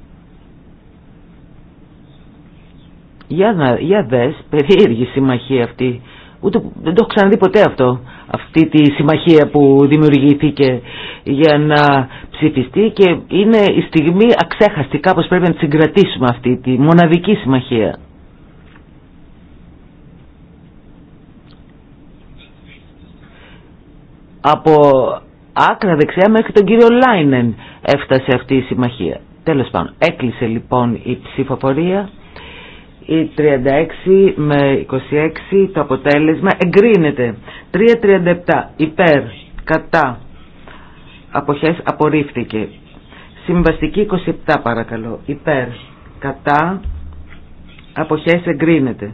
Για, να, για δες, περίεργη συμμαχία αυτή. Ούτε, δεν το έχω ξαναδεί ποτέ αυτό. Αυτή τη συμμαχία που δημιουργήθηκε για να ψηφιστεί και είναι η στιγμή αξέχαστη. Κάπως πρέπει να συγκρατήσουμε αυτή τη μοναδική συμμαχία. Από άκρα δεξιά μέχρι τον κύριο Λάινεν έφτασε αυτή η συμμαχία. Τέλος πάντων, έκλεισε λοιπόν η ψηφοφορία. Η 36 με 26 το αποτέλεσμα εγκρίνεται. 3.37 υπέρ, κατά, αποχές απορρίφθηκε. Συμβαστική 27 παρακαλώ, υπέρ, κατά, αποχές εγκρίνεται.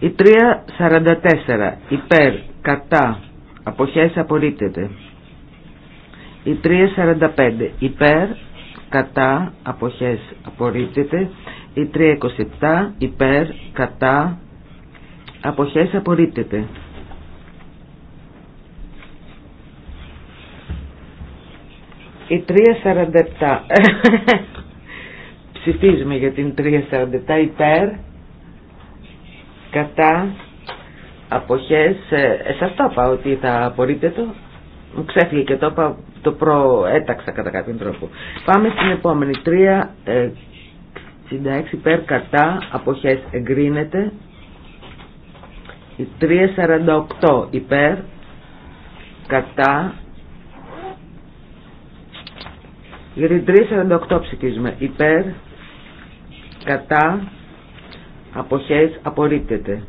Η 3.44 υπέρ, κατά, αποχές απορρίπτεται. Η 3.45 υπέρ, κατά αποχές απορρίπτεται η 327 υπέρ κατά αποχές απορρίπτεται η 347 ψηφίζουμε για την 347 υπέρ κατά αποχές ε, ε, σας το είπα ότι θα απορρίπτεται μου ξέφυγε και το είπα το προέταξα κατά κάποιον τρόπο. Πάμε στην επόμενη. 366 ε, υπέρ κατά αποχές εγκρίνεται. 348 υπέρ κατά γιατί 348 ψηφίζουμε υπέρ κατά αποχές απορρίπτεται.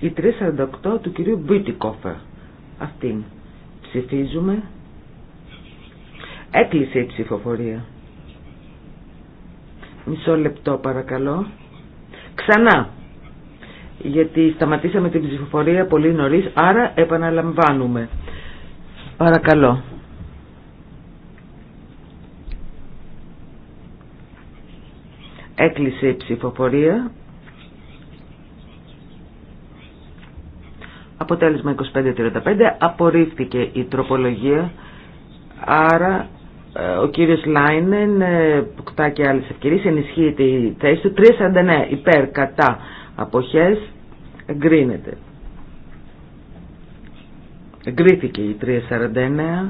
η 348 του κυρίου Μπίτικοφερ. Αυτήν ψηφίζουμε. Έκλεισε η ψηφοφορία. Μισό λεπτό παρακαλώ. Ξανά. Γιατί σταματήσαμε την ψηφοφορία πολύ νωρίς, άρα επαναλαμβάνουμε. Παρακαλώ. Έκλεισε η ψηφοφορία. Αποτέλεσμα 25-35. Απορρίφθηκε η τροπολογία. Άρα ε, ο κύριος Λάινεν ε, κτά και άλλες ευκαιρίες ενισχύει τη θέση του 349 υπέρ κατά αποχές εγκρίνεται εγκρίθηκε η 349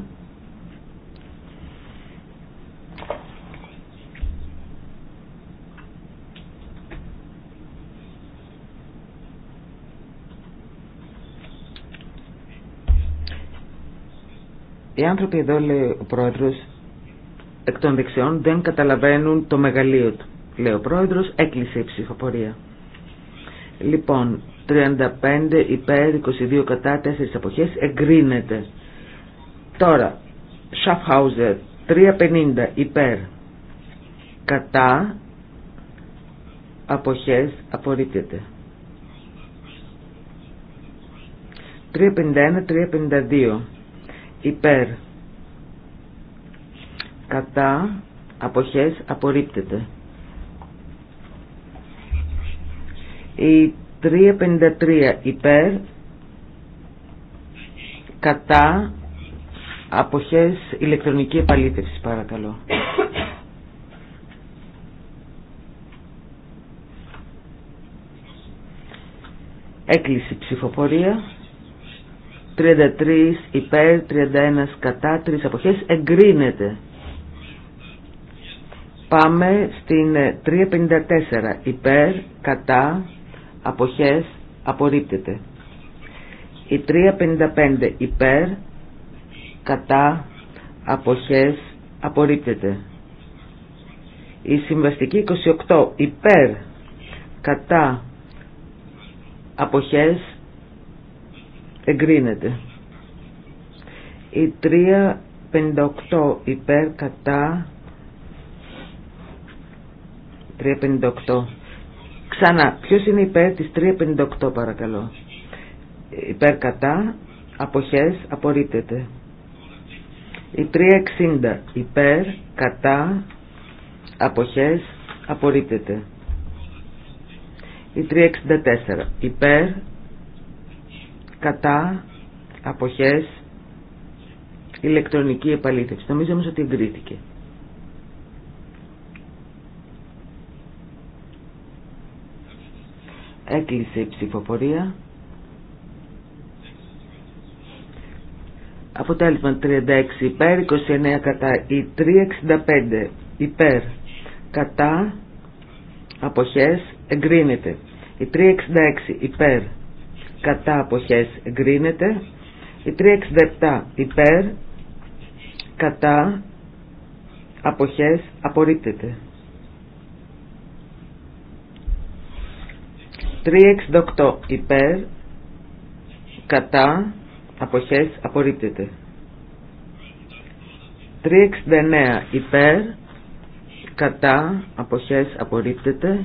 Οι άνθρωποι εδώ, λέει ο πρόεδρο εκ των δεξιών δεν καταλαβαίνουν το μεγαλείο του. Λέει ο πρόεδρο έκλεισε η ψηφοφορία. Λοιπόν, 35 υπέρ, 22 κατά, 4 αποχές, εγκρίνεται. Τώρα, Σαφχάουζερ, 350 υπέρ, κατά, αποχές, απορρίπτεται. 351-352 υπέρ κατά αποχές απορρίπτεται η 353 υπέρ κατά αποχές ηλεκτρονική επαλήτευση παρακαλώ Έκλειση ψηφοφορία 33 υπέρ, 31 κατά, 3 αποχές, εγκρίνεται. Πάμε στην 354 ε, υπέρ, κατά, αποχές, απορρίπτεται. Η 355 υπέρ, κατά, αποχές, απορρίπτεται. Η συμβαστική 28 υπέρ, κατά, αποχές, εγκρίνεται. Η 358 υπέρ κατά 358. Ξανά, ποιος είναι υπέρ της 358 παρακαλώ. Υπέρ κατά, αποχές, απορρίπτεται. Η 360 υπέρ, κατά, αποχές, απορρίπτεται. Η 364 υπέρ, κατά, αποχές, ηλεκτρονική επαλήθευση. Νομίζω όμως ότι εγκρίθηκε. Έκλεισε η ψηφοφορία. Αποτέλεσμα 36 υπέρ, 29 κατά ή 365 υπέρ κατά αποχές εγκρίνεται. Η 366 υπέρ κατά αποχές γκρίνεται, η 367 υπέρ κατά αποχές απορρίπτεται 368 υπέρ κατά αποχές απορρίπτεται 369 υπέρ κατά αποχές απορρίπτεται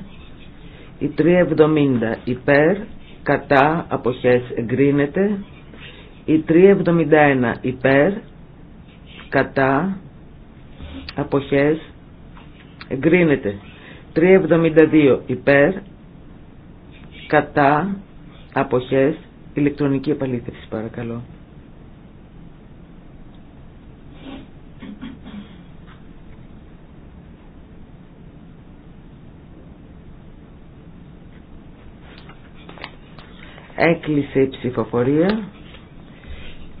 η 370 υπέρ κατά αποχές εγκρίνεται η 371 υπέρ κατά αποχές εγκρίνεται 372 υπέρ κατά αποχές ηλεκτρονική επαλήθευση παρακαλώ Έκλεισε η ψηφοφορία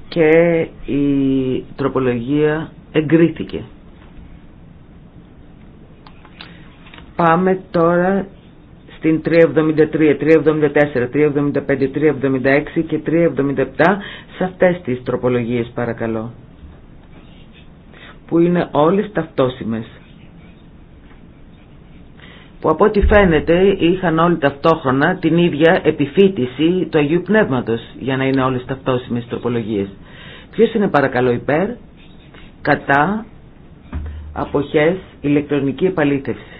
και η τροπολογία εγκρίθηκε. Πάμε τώρα στην 373, 374, 375, 376 και 377 σε αυτές τις τροπολογίες παρακαλώ που είναι όλες ταυτόσιμες που από ό,τι φαίνεται είχαν όλοι ταυτόχρονα την ίδια επιφύτηση του Αγίου Πνεύματος για να είναι όλες ταυτόσιμες τροπολογίες. Ποιος είναι παρακαλώ υπέρ, κατά, αποχές, ηλεκτρονική επαλήθευση.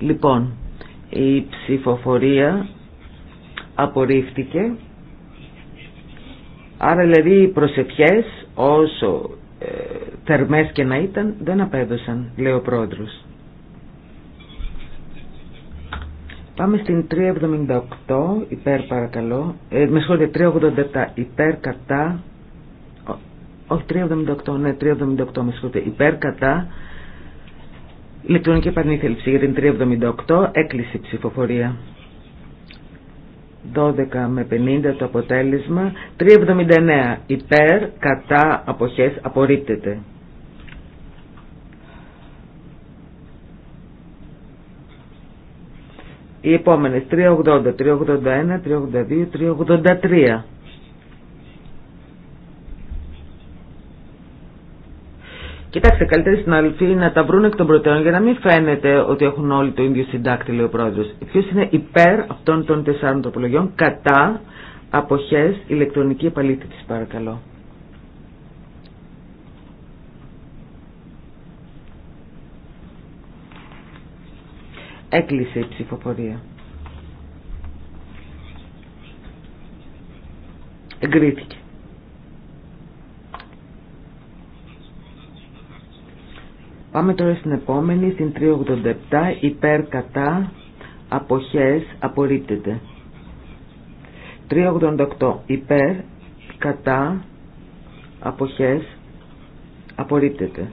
Λοιπόν, η ψηφοφορία απορρίφθηκε. Άρα δηλαδή οι προσευχές όσο ε, θερμές και να ήταν δεν απέδωσαν, λέει ο πρόεδρος. Πάμε στην 378 υπέρ παρακαλώ. Ε, με σχόλια 387 υπέρ κατά. Ό, όχι 378, ναι 378 με σχόλια υπέρ κατά Ηλεκτρονική επανήθελψη για την 378 έκλεισε ψηφοφορία. 12 με 50 το αποτέλεσμα. 379 υπέρ, κατά, αποχές, απορρίπτεται. Οι επόμενες 380, 381, 382, 383. Κοιτάξτε, καλύτερα στην αλφή να τα βρουν εκ των προτέρων για να μην φαίνεται ότι έχουν όλοι το ίδιο συντάκτη, λέει ο πρόεδρο. Ποιο είναι υπέρ αυτών των τεσσάρων τροπολογιών κατά αποχέ ηλεκτρονική επαλήθευση, παρακαλώ. Έκλεισε η ψηφοφορία. Εγκρίθηκε. Πάμε τώρα στην επόμενη, στην 387, υπέρ κατά αποχές απορρίπτεται. 388, υπέρ κατά αποχές απορρίπτεται.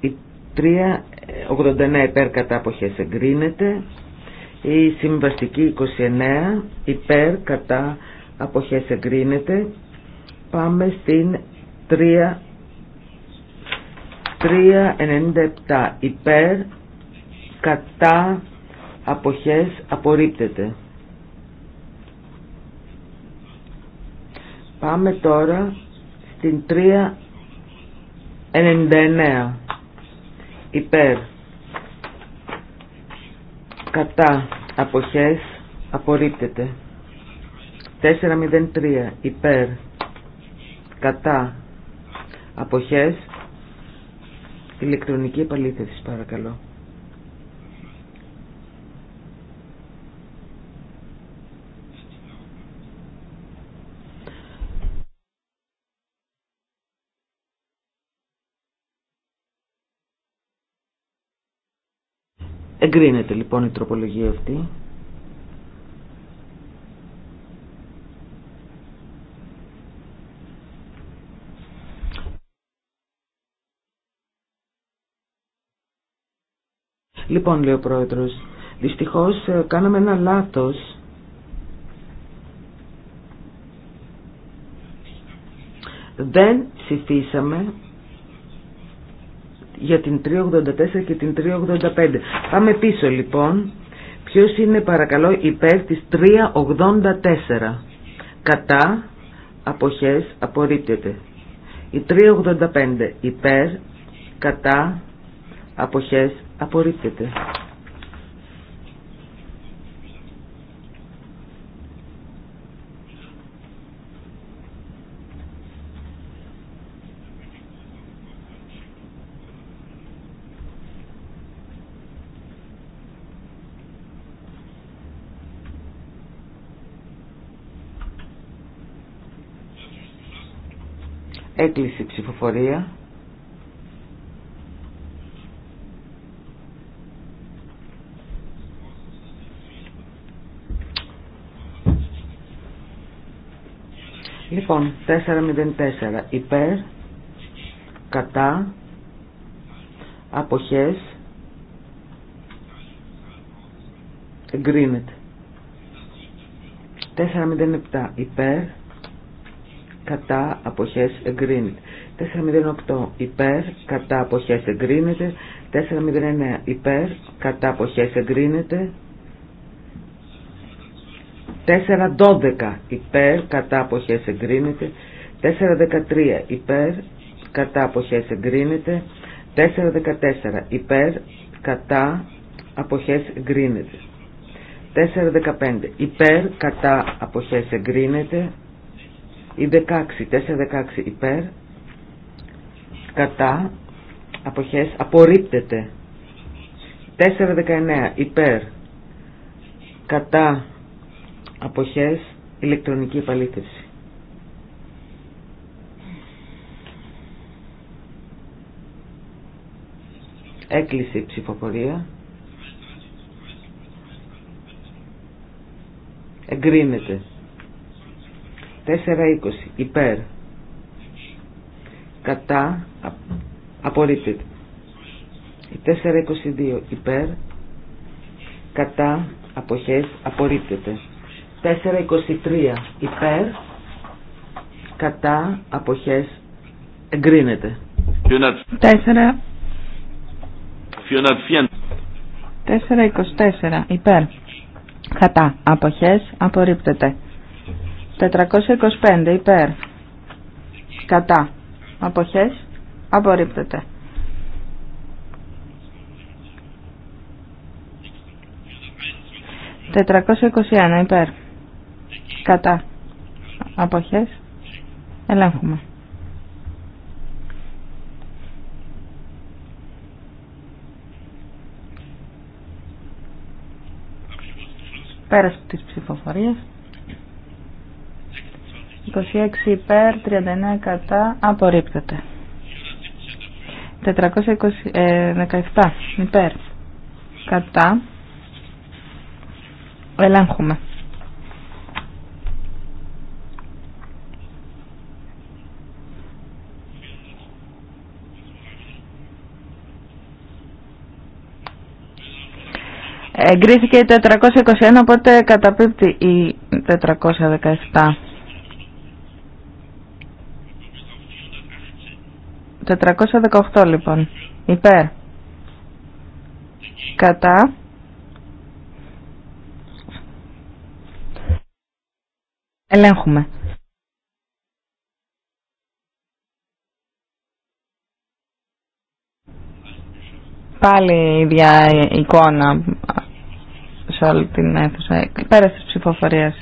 Η 389 υπέρ κατά αποχές εγκρίνεται. Η συμβαστική 29 υπέρ κατά αποχές εγκρίνεται. Πάμε στην 3 3.97 υπέρ κατά αποχές απορρίπτεται. Πάμε τώρα στην 399 υπέρ κατά αποχές απορρίπτεται. 403 υπέρ κατά αποχές ηλεκτρονική επαλήθευση παρακαλώ. Εγκρίνεται λοιπόν η τροπολογία αυτή. Λοιπόν, λέει ο Πρόεδρος, δυστυχώς ε, κάναμε ένα λάθος. Δεν ψηφίσαμε για την 384 και την 385. Πάμε πίσω λοιπόν. Ποιος είναι παρακαλώ υπέρ της 384. Κατά αποχές απορρίπτεται. Η 385 υπέρ κατά αποχές Απορρίπτεται. Έκλεισε η ψηφοφορία. Λοιπόν, 404 υπέρ, κατά, αποχές, εγκρίνεται. 407 υπέρ, κατά, αποχές, εγκρίνεται. 408 υπέρ, κατά, αποχές, εγκρίνεται. 409 υπέρ, κατά, αποχές, εγκρίνεται. 4.12 υπέρ κατά αποχές εγκρίνεται 4.13 υπέρ κατά αποχές εγκρίνεται 4.14 υπέρ κατά αποχές εγκρίνεται 4.15 υπέρ κατά αποχές εγκρίνεται η 16 4.16 υπέρ κατά αποχές απορρίπτεται 4.19 υπέρ κατά αποχές ηλεκτρονική επαλήθευση. Έκλεισε η ψηφοφορία. Εγκρίνεται. 4.20 υπέρ. Κατά. Απορρίπτεται. 4.22 υπέρ. Κατά. Αποχές. Απορρίπτεται. 423 υπέρ κατά αποχές εγκρίνεται 424 υπέρ κατά αποχές απορρίπτεται 425 υπέρ κατά αποχές απορρίπτεται 421 υπέρ κατά αποχές ελέγχουμε πέρας της ψηφοφορίας 26 υπέρ 39 κατά απορρίπτεται 417 ε, υπέρ κατά ελέγχουμε Εγκρίθηκε η 421, οπότε καταπίπτει η 417. 418 λοιπόν. Υπέρ. Κατά. Ελέγχουμε. Πάλι η ίδια εικόνα σε όλη την αίθουσα. Πέρα τη ψηφοφορία.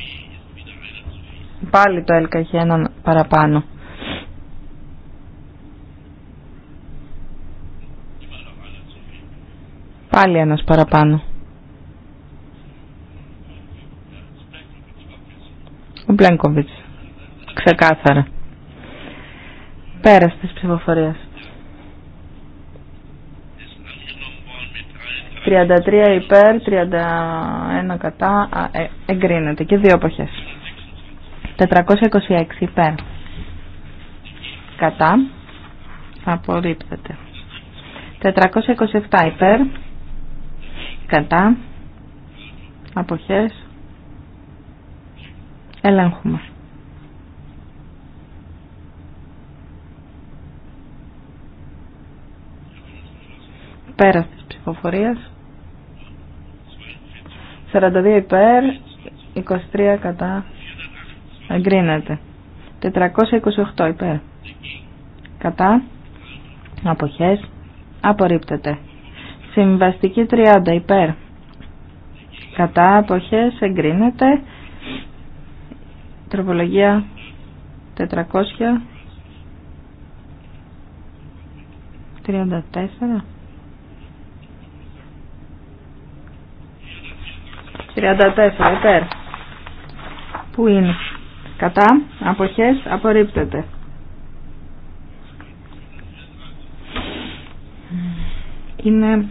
Πάλι το ΕΛΚΑ έχει έναν παραπάνω. Πάλι ένας παραπάνω. Ο Μπλένκοβιτς. Ξεκάθαρα. Πέρα της ψηφοφορίας. 33 υπέρ, 31 κατά, ε, εγκρίνεται και δύο εποχές. 426 υπέρ, κατά, απορρίπτεται. 427 υπέρ, κατά, αποχές, ελέγχουμε. Πέρα της ψηφοφορίας 42 υπέρ, 23 κατά. Εγκρίνεται. 428 υπέρ. Κατά. Αποχές. Απορρίπτεται. Συμβαστική 30 υπέρ. Κατά. Αποχές. Εγκρίνεται. Τροπολογία 34 34 υπέρ. Πού είναι. Κατά. Αποχές. Απορρίπτεται. Είναι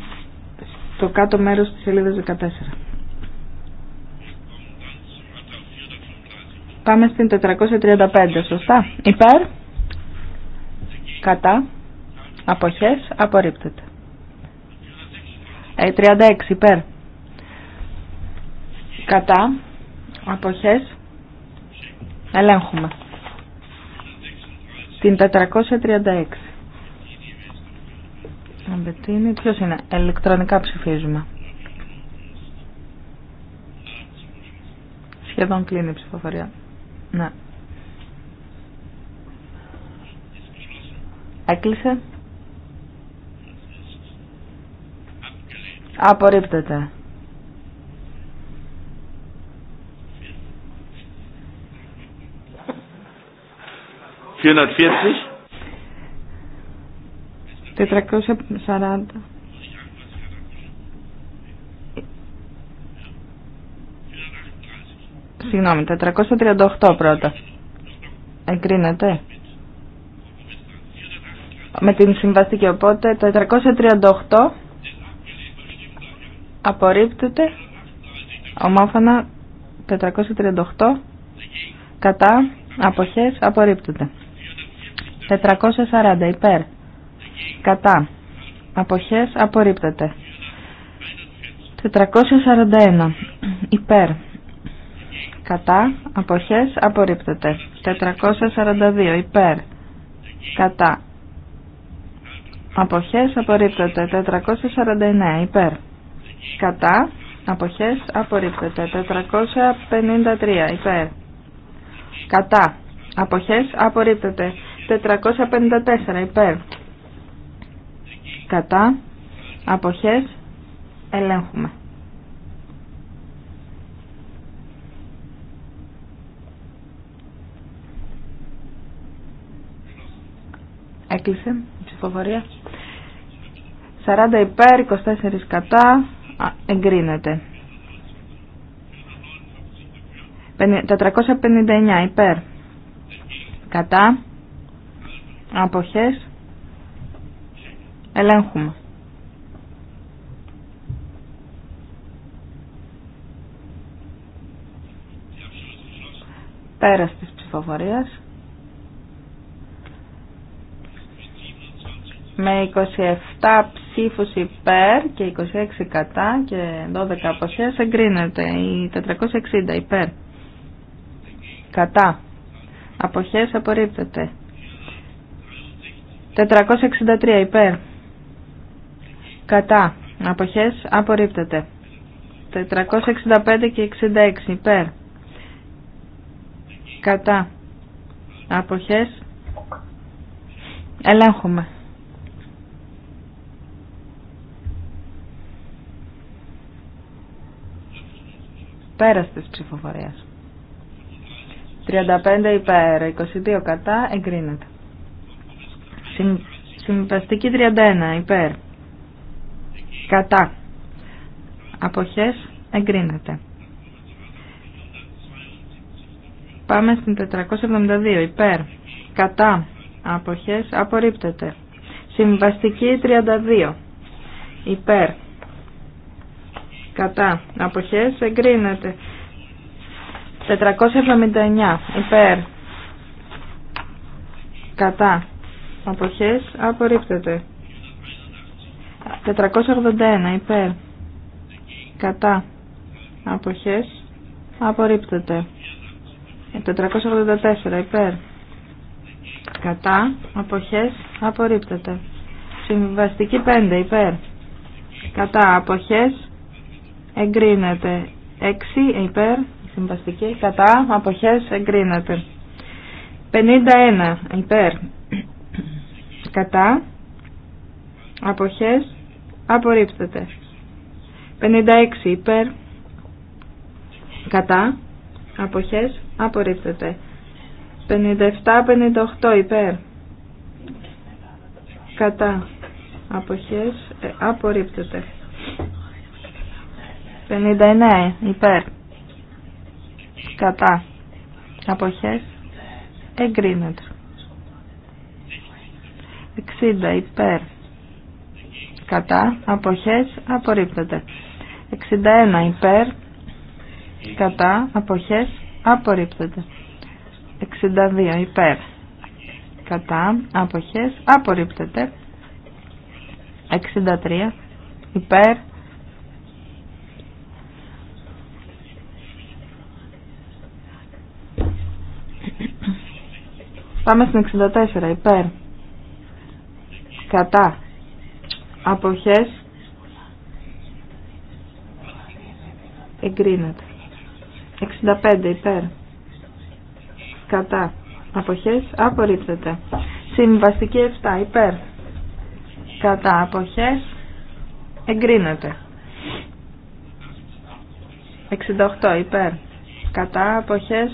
στο κάτω μέρος της σελίδας 14. Πάμε στην 435, σωστά. Υπέρ. Κατά. Αποχές. Απορρίπτεται. 36 ε, υπέρ κατά αποχές ελέγχουμε την 436 Αμπετίνη, ποιος είναι, ηλεκτρονικά ψηφίζουμε σχεδόν κλείνει η ψηφοφορία ναι έκλεισε απορρίπτεται 440. 440. Συγγνώμη, 438 πρώτα. Εγκρίνεται. Με την συμβαστική οπότε, το 438 απορρίπτεται ομόφωνα 438 κατά αποχές απορρίπτεται. 440 υπέρ. Κατά. Αποχές απορρίπτεται. 441 υπέρ. Κατά. Αποχές απορρίπτεται. 442 υπέρ. Κατά. Αποχές απορρίπτεται. 449 υπέρ. Κατά. Αποχές απορρίπτεται. 453 υπέρ. Κατά. Αποχές απορρίπτεται. 454 υπέρ. Κατά. Αποχές. Ελέγχουμε. Έκλεισε η ψηφοφορία. 40 υπέρ, 24 κατά. εγκρίνεται. 459 υπέρ. Κατά. Αποχές. Ελέγχουμε. Πέρας της ψηφοφορίας. Με 27 ψήφους υπέρ και 26 κατά και 12 αποχές εγκρίνεται η 460 υπέρ. Κατά. Αποχές απορρίπτεται. 463 υπέρ. Κατά. Αποχές απορρίπτεται. 465 και 66 υπέρ. Κατά. Αποχές. Ελέγχουμε. Πέρας της ψηφοφορίας. 35 υπέρ, 22 κατά, εγκρίνεται. Συμβαστική 31 υπέρ. Κατά. Αποχές εγκρίνεται. Πάμε στην 472 υπέρ. Κατά. Αποχές απορρίπτεται. Συμβαστική 32 υπέρ. Κατά. Αποχές εγκρίνεται. 479 υπέρ. Κατά. Αποχές απορρίπτεται. 481 υπέρ. Κατά. Αποχές απορρίπτεται. 484 υπέρ. Κατά. Αποχές απορρίπτεται. Συμβαστική 5 υπέρ. Κατά. Αποχές εγκρίνεται. 6 υπέρ. Συμβαστική. Κατά. Αποχές εγκρίνεται. 51 υπέρ κατά αποχές απορρίπτεται 56 υπέρ κατά αποχές απορρίπτεται 57-58 υπέρ κατά αποχές ε, απορρίπτεται 59 υπέρ κατά αποχές εγκρίνεται 60 υπέρ κατά αποχές απορρίπτεται 61 υπέρ κατά αποχές απορρίπτεται 62 υπέρ κατά αποχές απορρίπτεται 63 υπέρ Πάμε στην 64 υπέρ κατά αποχές εγκρίνεται 65 υπέρ κατά αποχές απορρίπτεται συμβαστική 7 υπέρ κατά αποχές εγκρίνεται 68 υπέρ κατά αποχές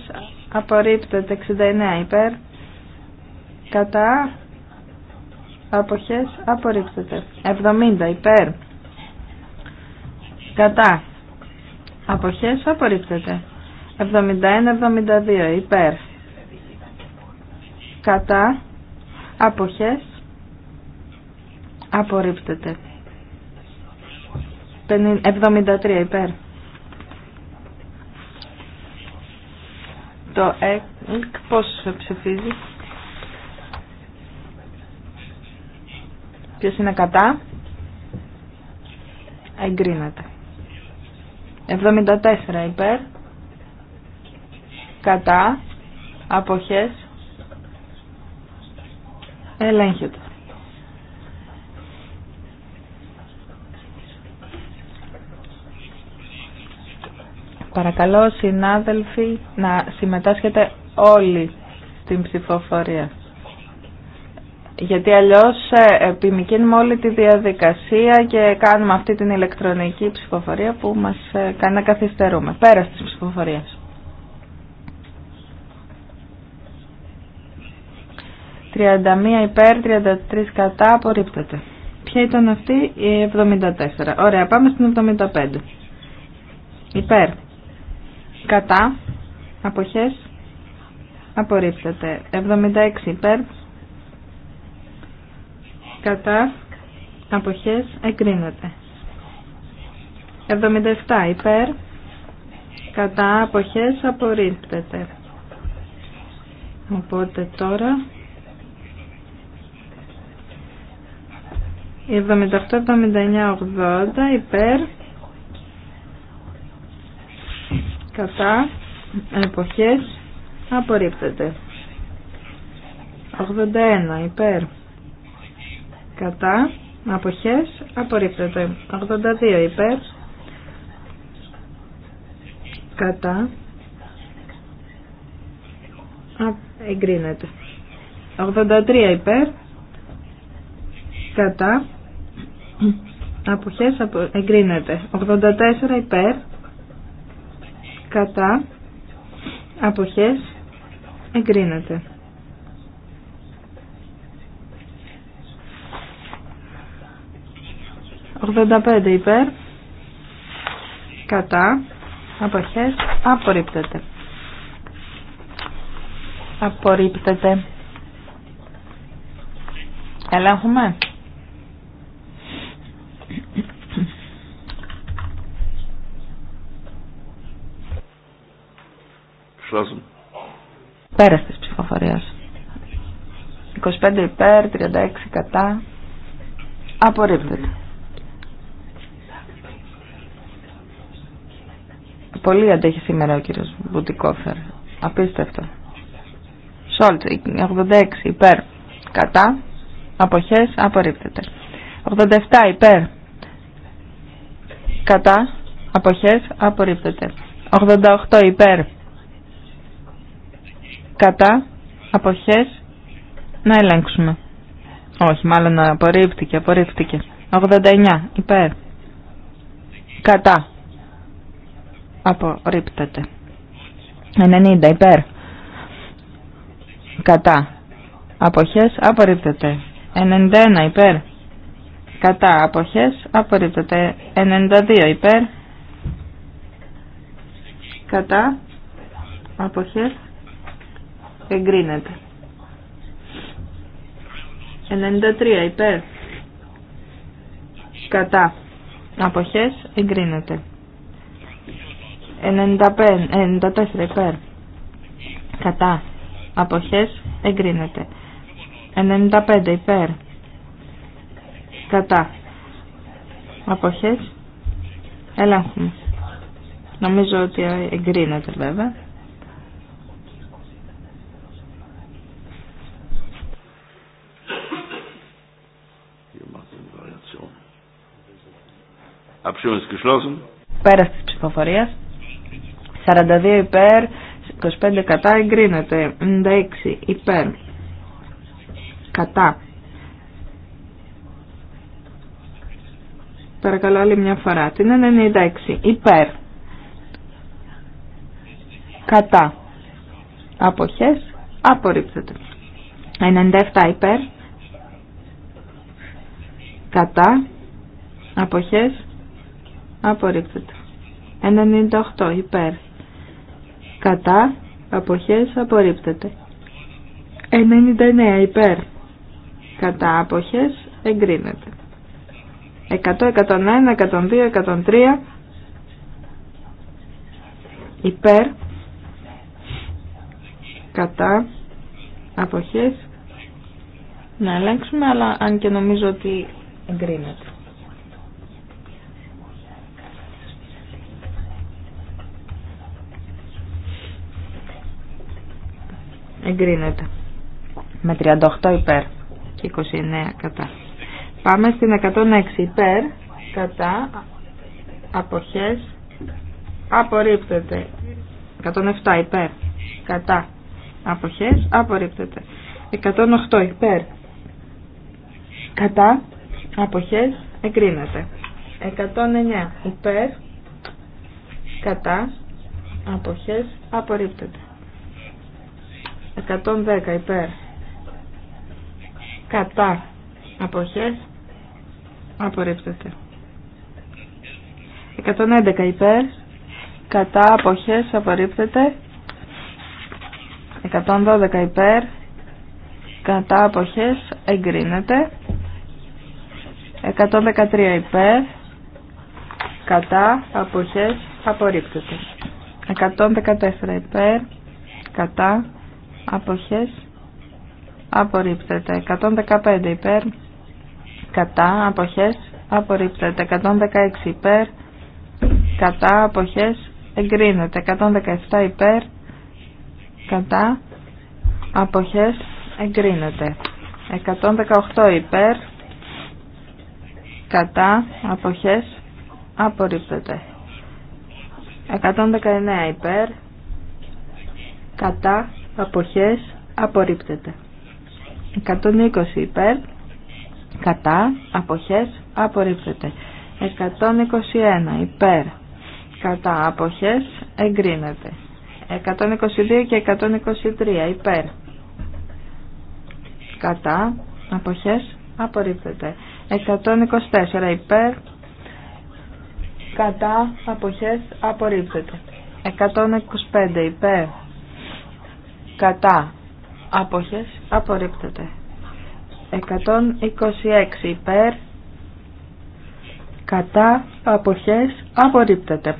απορρίπτεται 69 υπέρ κατά αποχές απορρίπτεται 70 υπέρ κατά αποχές απορρίπτεται 71-72 υπέρ κατά αποχές απορρίπτεται 73 υπέρ το ΕΚ πώς ψηφίζει Ποιος είναι κατά. Εγκρίνεται. 74 υπέρ. Κατά. Αποχές. Ελέγχεται. Παρακαλώ συνάδελφοι να συμμετάσχετε όλοι στην ψηφοφορία γιατί αλλιώς ε, επιμηκύνουμε όλη τη διαδικασία και κάνουμε αυτή την ηλεκτρονική ψηφοφορία που μας ε, κάνει να καθυστερούμε. Πέρα της ψηφοφορίας. 31 υπέρ, 33 κατά, απορρίπτεται. Ποια ήταν αυτή η 74. Ωραία, πάμε στην 75. Υπέρ. Κατά. Αποχές. Απορρίπτεται. 76 υπέρ κατά αποχές εγκρίνεται 77 υπέρ κατά αποχές απορρίπτεται οπότε τώρα 78-79-80 υπέρ κατά εποχές απορρίπτεται 81 υπέρ κατά, αποχές, απορρίπτεται. 82 υπέρ, κατά, εγκρίνεται. 83 υπέρ, κατά, αποχές, εγκρίνεται. 84 υπέρ, κατά, αποχές, εγκρίνεται. 85 υπέρ κατά αποχές απορρίπτεται απορρίπτεται ελέγχουμε Πέρας της ψηφοφορίας 25 υπέρ, 36 κατά απορρίπτεται πολύ αντέχει σήμερα ο κύριος Μπουτικόφερ. Απίστευτο. Σόλτ, 86 υπέρ. Κατά. Αποχές απορρίπτεται. 87 υπέρ. Κατά. Αποχές απορρίπτεται. 88 υπέρ. Κατά. Αποχές να ελέγξουμε. Όχι, μάλλον απορρίπτηκε, απορρίφθηκε. 89 υπέρ. Κατά απορρίπτεται 90 υπέρ κατά αποχές απορρίπτεται 91 υπέρ κατά αποχές απορρίπτεται 92 υπέρ κατά αποχές εγκρίνεται 93 υπέρ κατά αποχές εγκρίνεται 95, 94 υπέρ. Κατά. Αποχές εγκρίνεται. 95 υπέρ. Κατά. Αποχές ελέγχουμε. Νομίζω ότι εγκρίνεται βέβαια. Abstimmung ist geschlossen. Πέρα τη ψηφοφορία. 42 υπέρ, 25 κατά εγκρίνεται, 96 υπέρ, κατά. Παρακαλώ άλλη μια φορά, την 96 υπέρ, κατά. Αποχές, απορρίπτεται. 97 υπέρ, κατά, αποχές, απορρίπτεται. 98 υπέρ, κατά αποχές απορρίπτεται 99 υπέρ κατά αποχές εγκρίνεται 100, 101, 102, 103 υπέρ κατά αποχές να ελέγξουμε αλλά αν και νομίζω ότι εγκρίνεται εγκρίνεται με 38 υπέρ και 29 κατά. Πάμε στην 106 υπέρ, κατά, αποχές, απορρίπτεται. 107 υπέρ, κατά, αποχές, απορρίπτεται. 108 υπέρ, κατά, αποχές, εγκρίνεται. 109 υπέρ, κατά, αποχές, απορρίπτεται. 110 υπέρ κατά αποχές απορρίπτεται 111 υπέρ κατά αποχές απορρίπτεται 112 υπέρ κατά αποχές εγκρίνεται 113 υπέρ κατά αποχές απορρίπτεται 114 υπέρ κατά αποχές απορρίπτεται 115 υπέρ κατά αποχές απορρίπτεται 116 υπέρ κατά αποχές εγκρίνεται 117 υπέρ κατά αποχές εγκρίνεται 118 υπέρ κατά αποχές απορρίπτεται 119 υπέρ κατά αποχές απορρίπτεται 120 υπέρ κατά αποχές απορρίπτεται 121 υπέρ κατά αποχές εγκρίνεται 122 και 123 υπέρ κατά αποχές απορρίπτεται 124 υπέρ κατά αποχές απορρίπτεται 125 υπέρ κατά αποχές απορρίπτεται 126 υπέρ κατά αποχές απορρίπτεται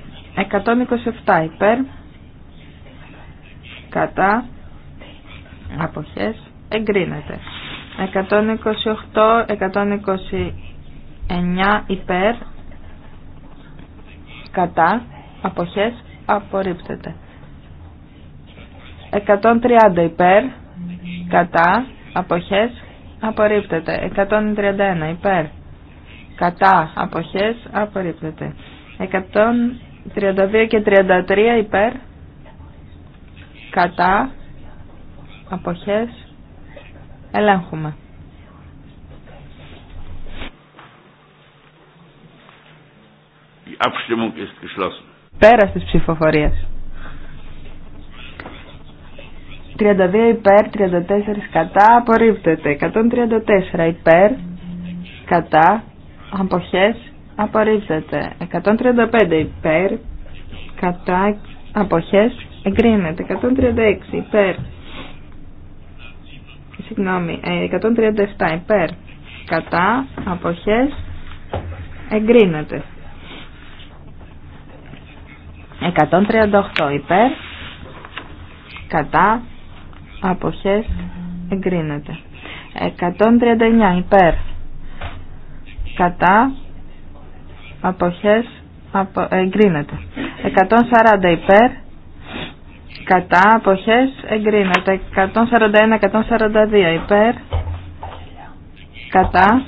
127 υπέρ κατά αποχές εγκρίνεται 128 129 υπέρ κατά αποχές απορρίπτεται 130 υπέρ, κατά, αποχές, απορρίπτεται. 131 υπέρ, κατά, αποχές, απορρίπτεται. 132 και 33 υπέρ, κατά, αποχές, ελέγχουμε. Πέρα της ψηφοφορίας. 32 υπέρ, 34 κατά, απορρίπτεται. 134 υπέρ, κατά, αποχές, απορρίπτεται. 135 υπέρ, κατά, αποχές, εγκρίνεται. 136 υπέρ, συγγνώμη, 137 ε, υπέρ, κατά, αποχές, εγκρίνεται. 138 υπέρ, κατά, αποχές εγκρίνεται 139 υπέρ κατά αποχές απο, εγκρίνεται 140 υπέρ κατά αποχές εγκρίνεται 141-142 υπέρ κατά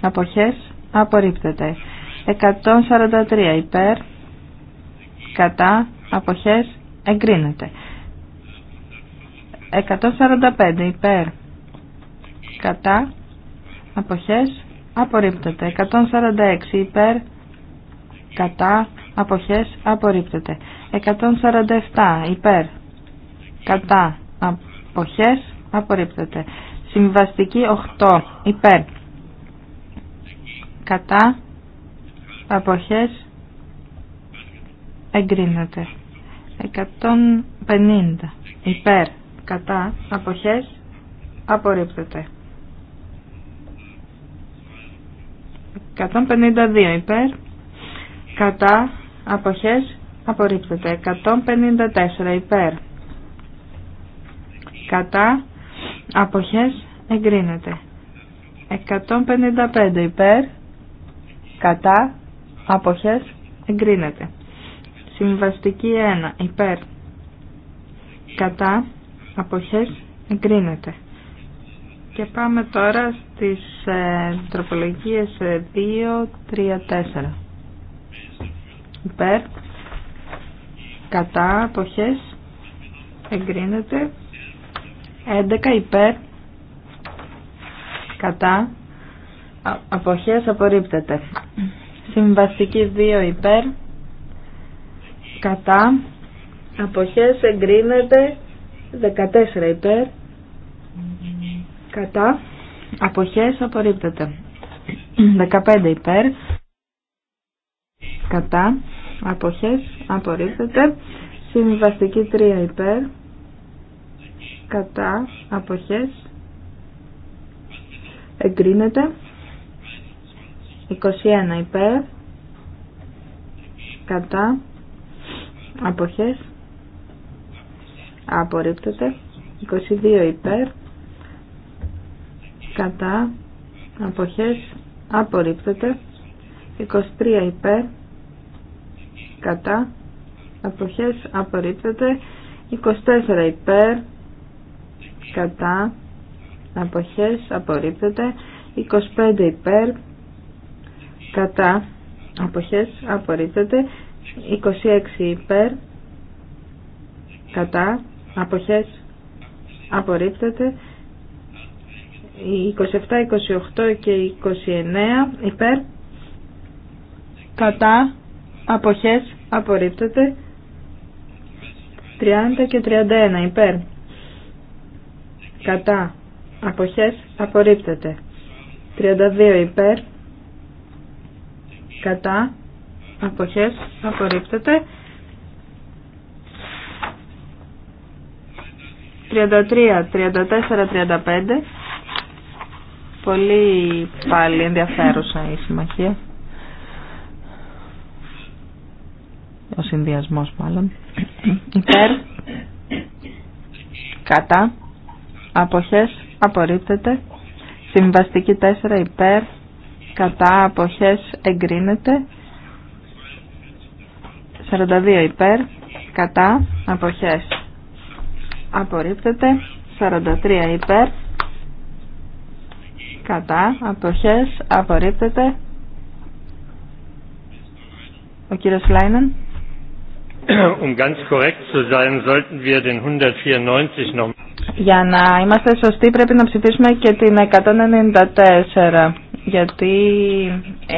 αποχές απορρίπτεται 143 υπέρ κατά αποχές εγκρίνεται 145 υπέρ κατά αποχές απορρίπτεται 146 υπέρ κατά αποχές απορρίπτεται 147 υπέρ κατά αποχές απορρίπτεται συμβαστική 8 υπέρ κατά αποχές εγκρίνεται 150 υπέρ κατά αποχές απορρίπτεται 152 υπέρ κατά αποχές απορρίπτεται 154 υπέρ κατά αποχές εγκρίνεται 155 υπέρ κατά αποχές εγκρίνεται συμβαστική 1 υπέρ κατά αποχές εγκρίνεται. Και πάμε τώρα στις ε, τροπολογίες 2, 3, 4. Υπέρ, κατά, αποχές, εγκρίνεται. 11 υπέρ, κατά, αποχές απορρίπτεται. Συμβαστική 2 υπέρ, κατά, αποχές εγκρίνεται. 14 υπέρ κατά αποχές απορρίπτεται 15 υπέρ κατά αποχές απορρίπτεται συμβαστική 3 υπέρ κατά αποχές εγκρίνεται 21 υπέρ κατά αποχές απορρίπτεται 22 υπέρ κατά αποχές απορρίπτεται 23 υπέρ κατά αποχές απορρίπτεται 24 υπέρ κατά αποχές απορρίπτεται 25 υπέρ κατά αποχές απορρίπτεται 26 υπέρ κατά αποχές απορρίπτεται. 27, 28 και 29 υπέρ κατά αποχές απορρίπτεται. 30 και 31 υπέρ κατά αποχές απορρίπτεται. 32 υπέρ κατά αποχές απορρίπτεται. 33, 34, 35. Πολύ πάλι ενδιαφέρουσα η συμμαχία. Ο συνδυασμός μάλλον. Υπέρ. Κατά. Αποχές. Απορρίπτεται. Συμβαστική 4 υπέρ. Κατά. Αποχές. Εγκρίνεται. 42 υπέρ. Κατά. Αποχές απορρίπτεται 43 υπέρ κατά αποχές απορρίπτεται ο κύριος Λάινεν Um ganz korrekt zu sein, sollten wir den 194 noch για να είμαστε σωστοί πρέπει να ψηφίσουμε και την 194 γιατί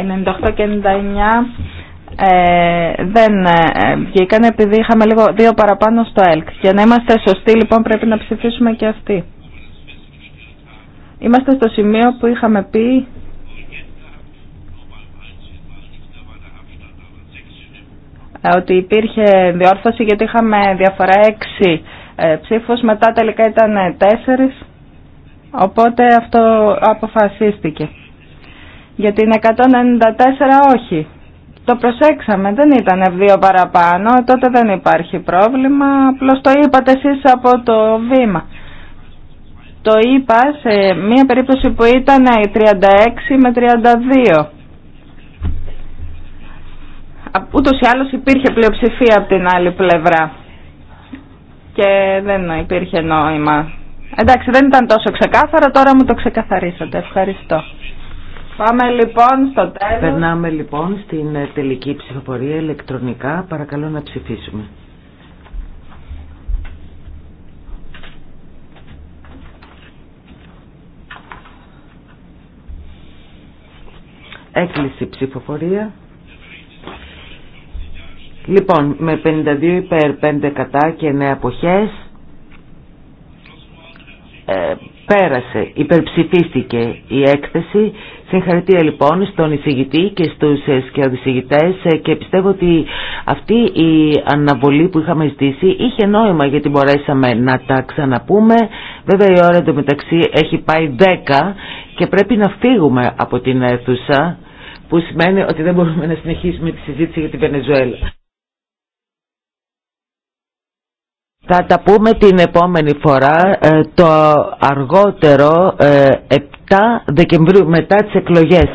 98 και 99 ε, δεν ε, βγήκαν επειδή είχαμε λίγο δύο παραπάνω στο ΕΛΚ. Για να είμαστε σωστοί λοιπόν πρέπει να ψηφίσουμε και αυτοί. Είμαστε στο σημείο που είχαμε πει ότι υπήρχε διόρθωση γιατί είχαμε διαφορά έξι ε, ψήφους, μετά τελικά ήταν τέσσερις, οπότε αυτό αποφασίστηκε. Για την 194 όχι. Το προσέξαμε, δεν ήταν δύο παραπάνω, τότε δεν υπάρχει πρόβλημα, απλώς το είπατε εσείς από το βήμα. Το είπα σε μία περίπτωση που ήταν 36 με 32. Ούτως ή άλλως υπήρχε πλειοψηφία από την άλλη πλευρά και δεν υπήρχε νόημα. Εντάξει, δεν ήταν τόσο ξεκάθαρο, τώρα μου το ξεκαθαρίσατε. Ευχαριστώ. Πάμε λοιπόν στο τέλος. Περνάμε λοιπόν στην ε, τελική ψηφοφορία ηλεκτρονικά. Παρακαλώ να ψηφίσουμε. Έκλεισε η ψηφοφορία. Λοιπόν, με 52 υπέρ, 5 κατά και 9 αποχές ε, πέρασε, υπερψηφίστηκε η έκθεση Συγχαρητήρια λοιπόν στον εισηγητή και στους ε, σκιαδησηγητές ε, και πιστεύω ότι αυτή η αναβολή που είχαμε ζητήσει είχε νόημα γιατί μπορέσαμε να τα ξαναπούμε. Βέβαια η ώρα εντωμεταξύ έχει πάει 10 και πρέπει να φύγουμε από την αίθουσα που σημαίνει ότι δεν μπορούμε να συνεχίσουμε τη συζήτηση για την Βενεζουέλα. Θα τα πούμε την επόμενη φορά, ε, το αργότερο 7 ε, Δεκεμβρίου μετά τις εκλογές.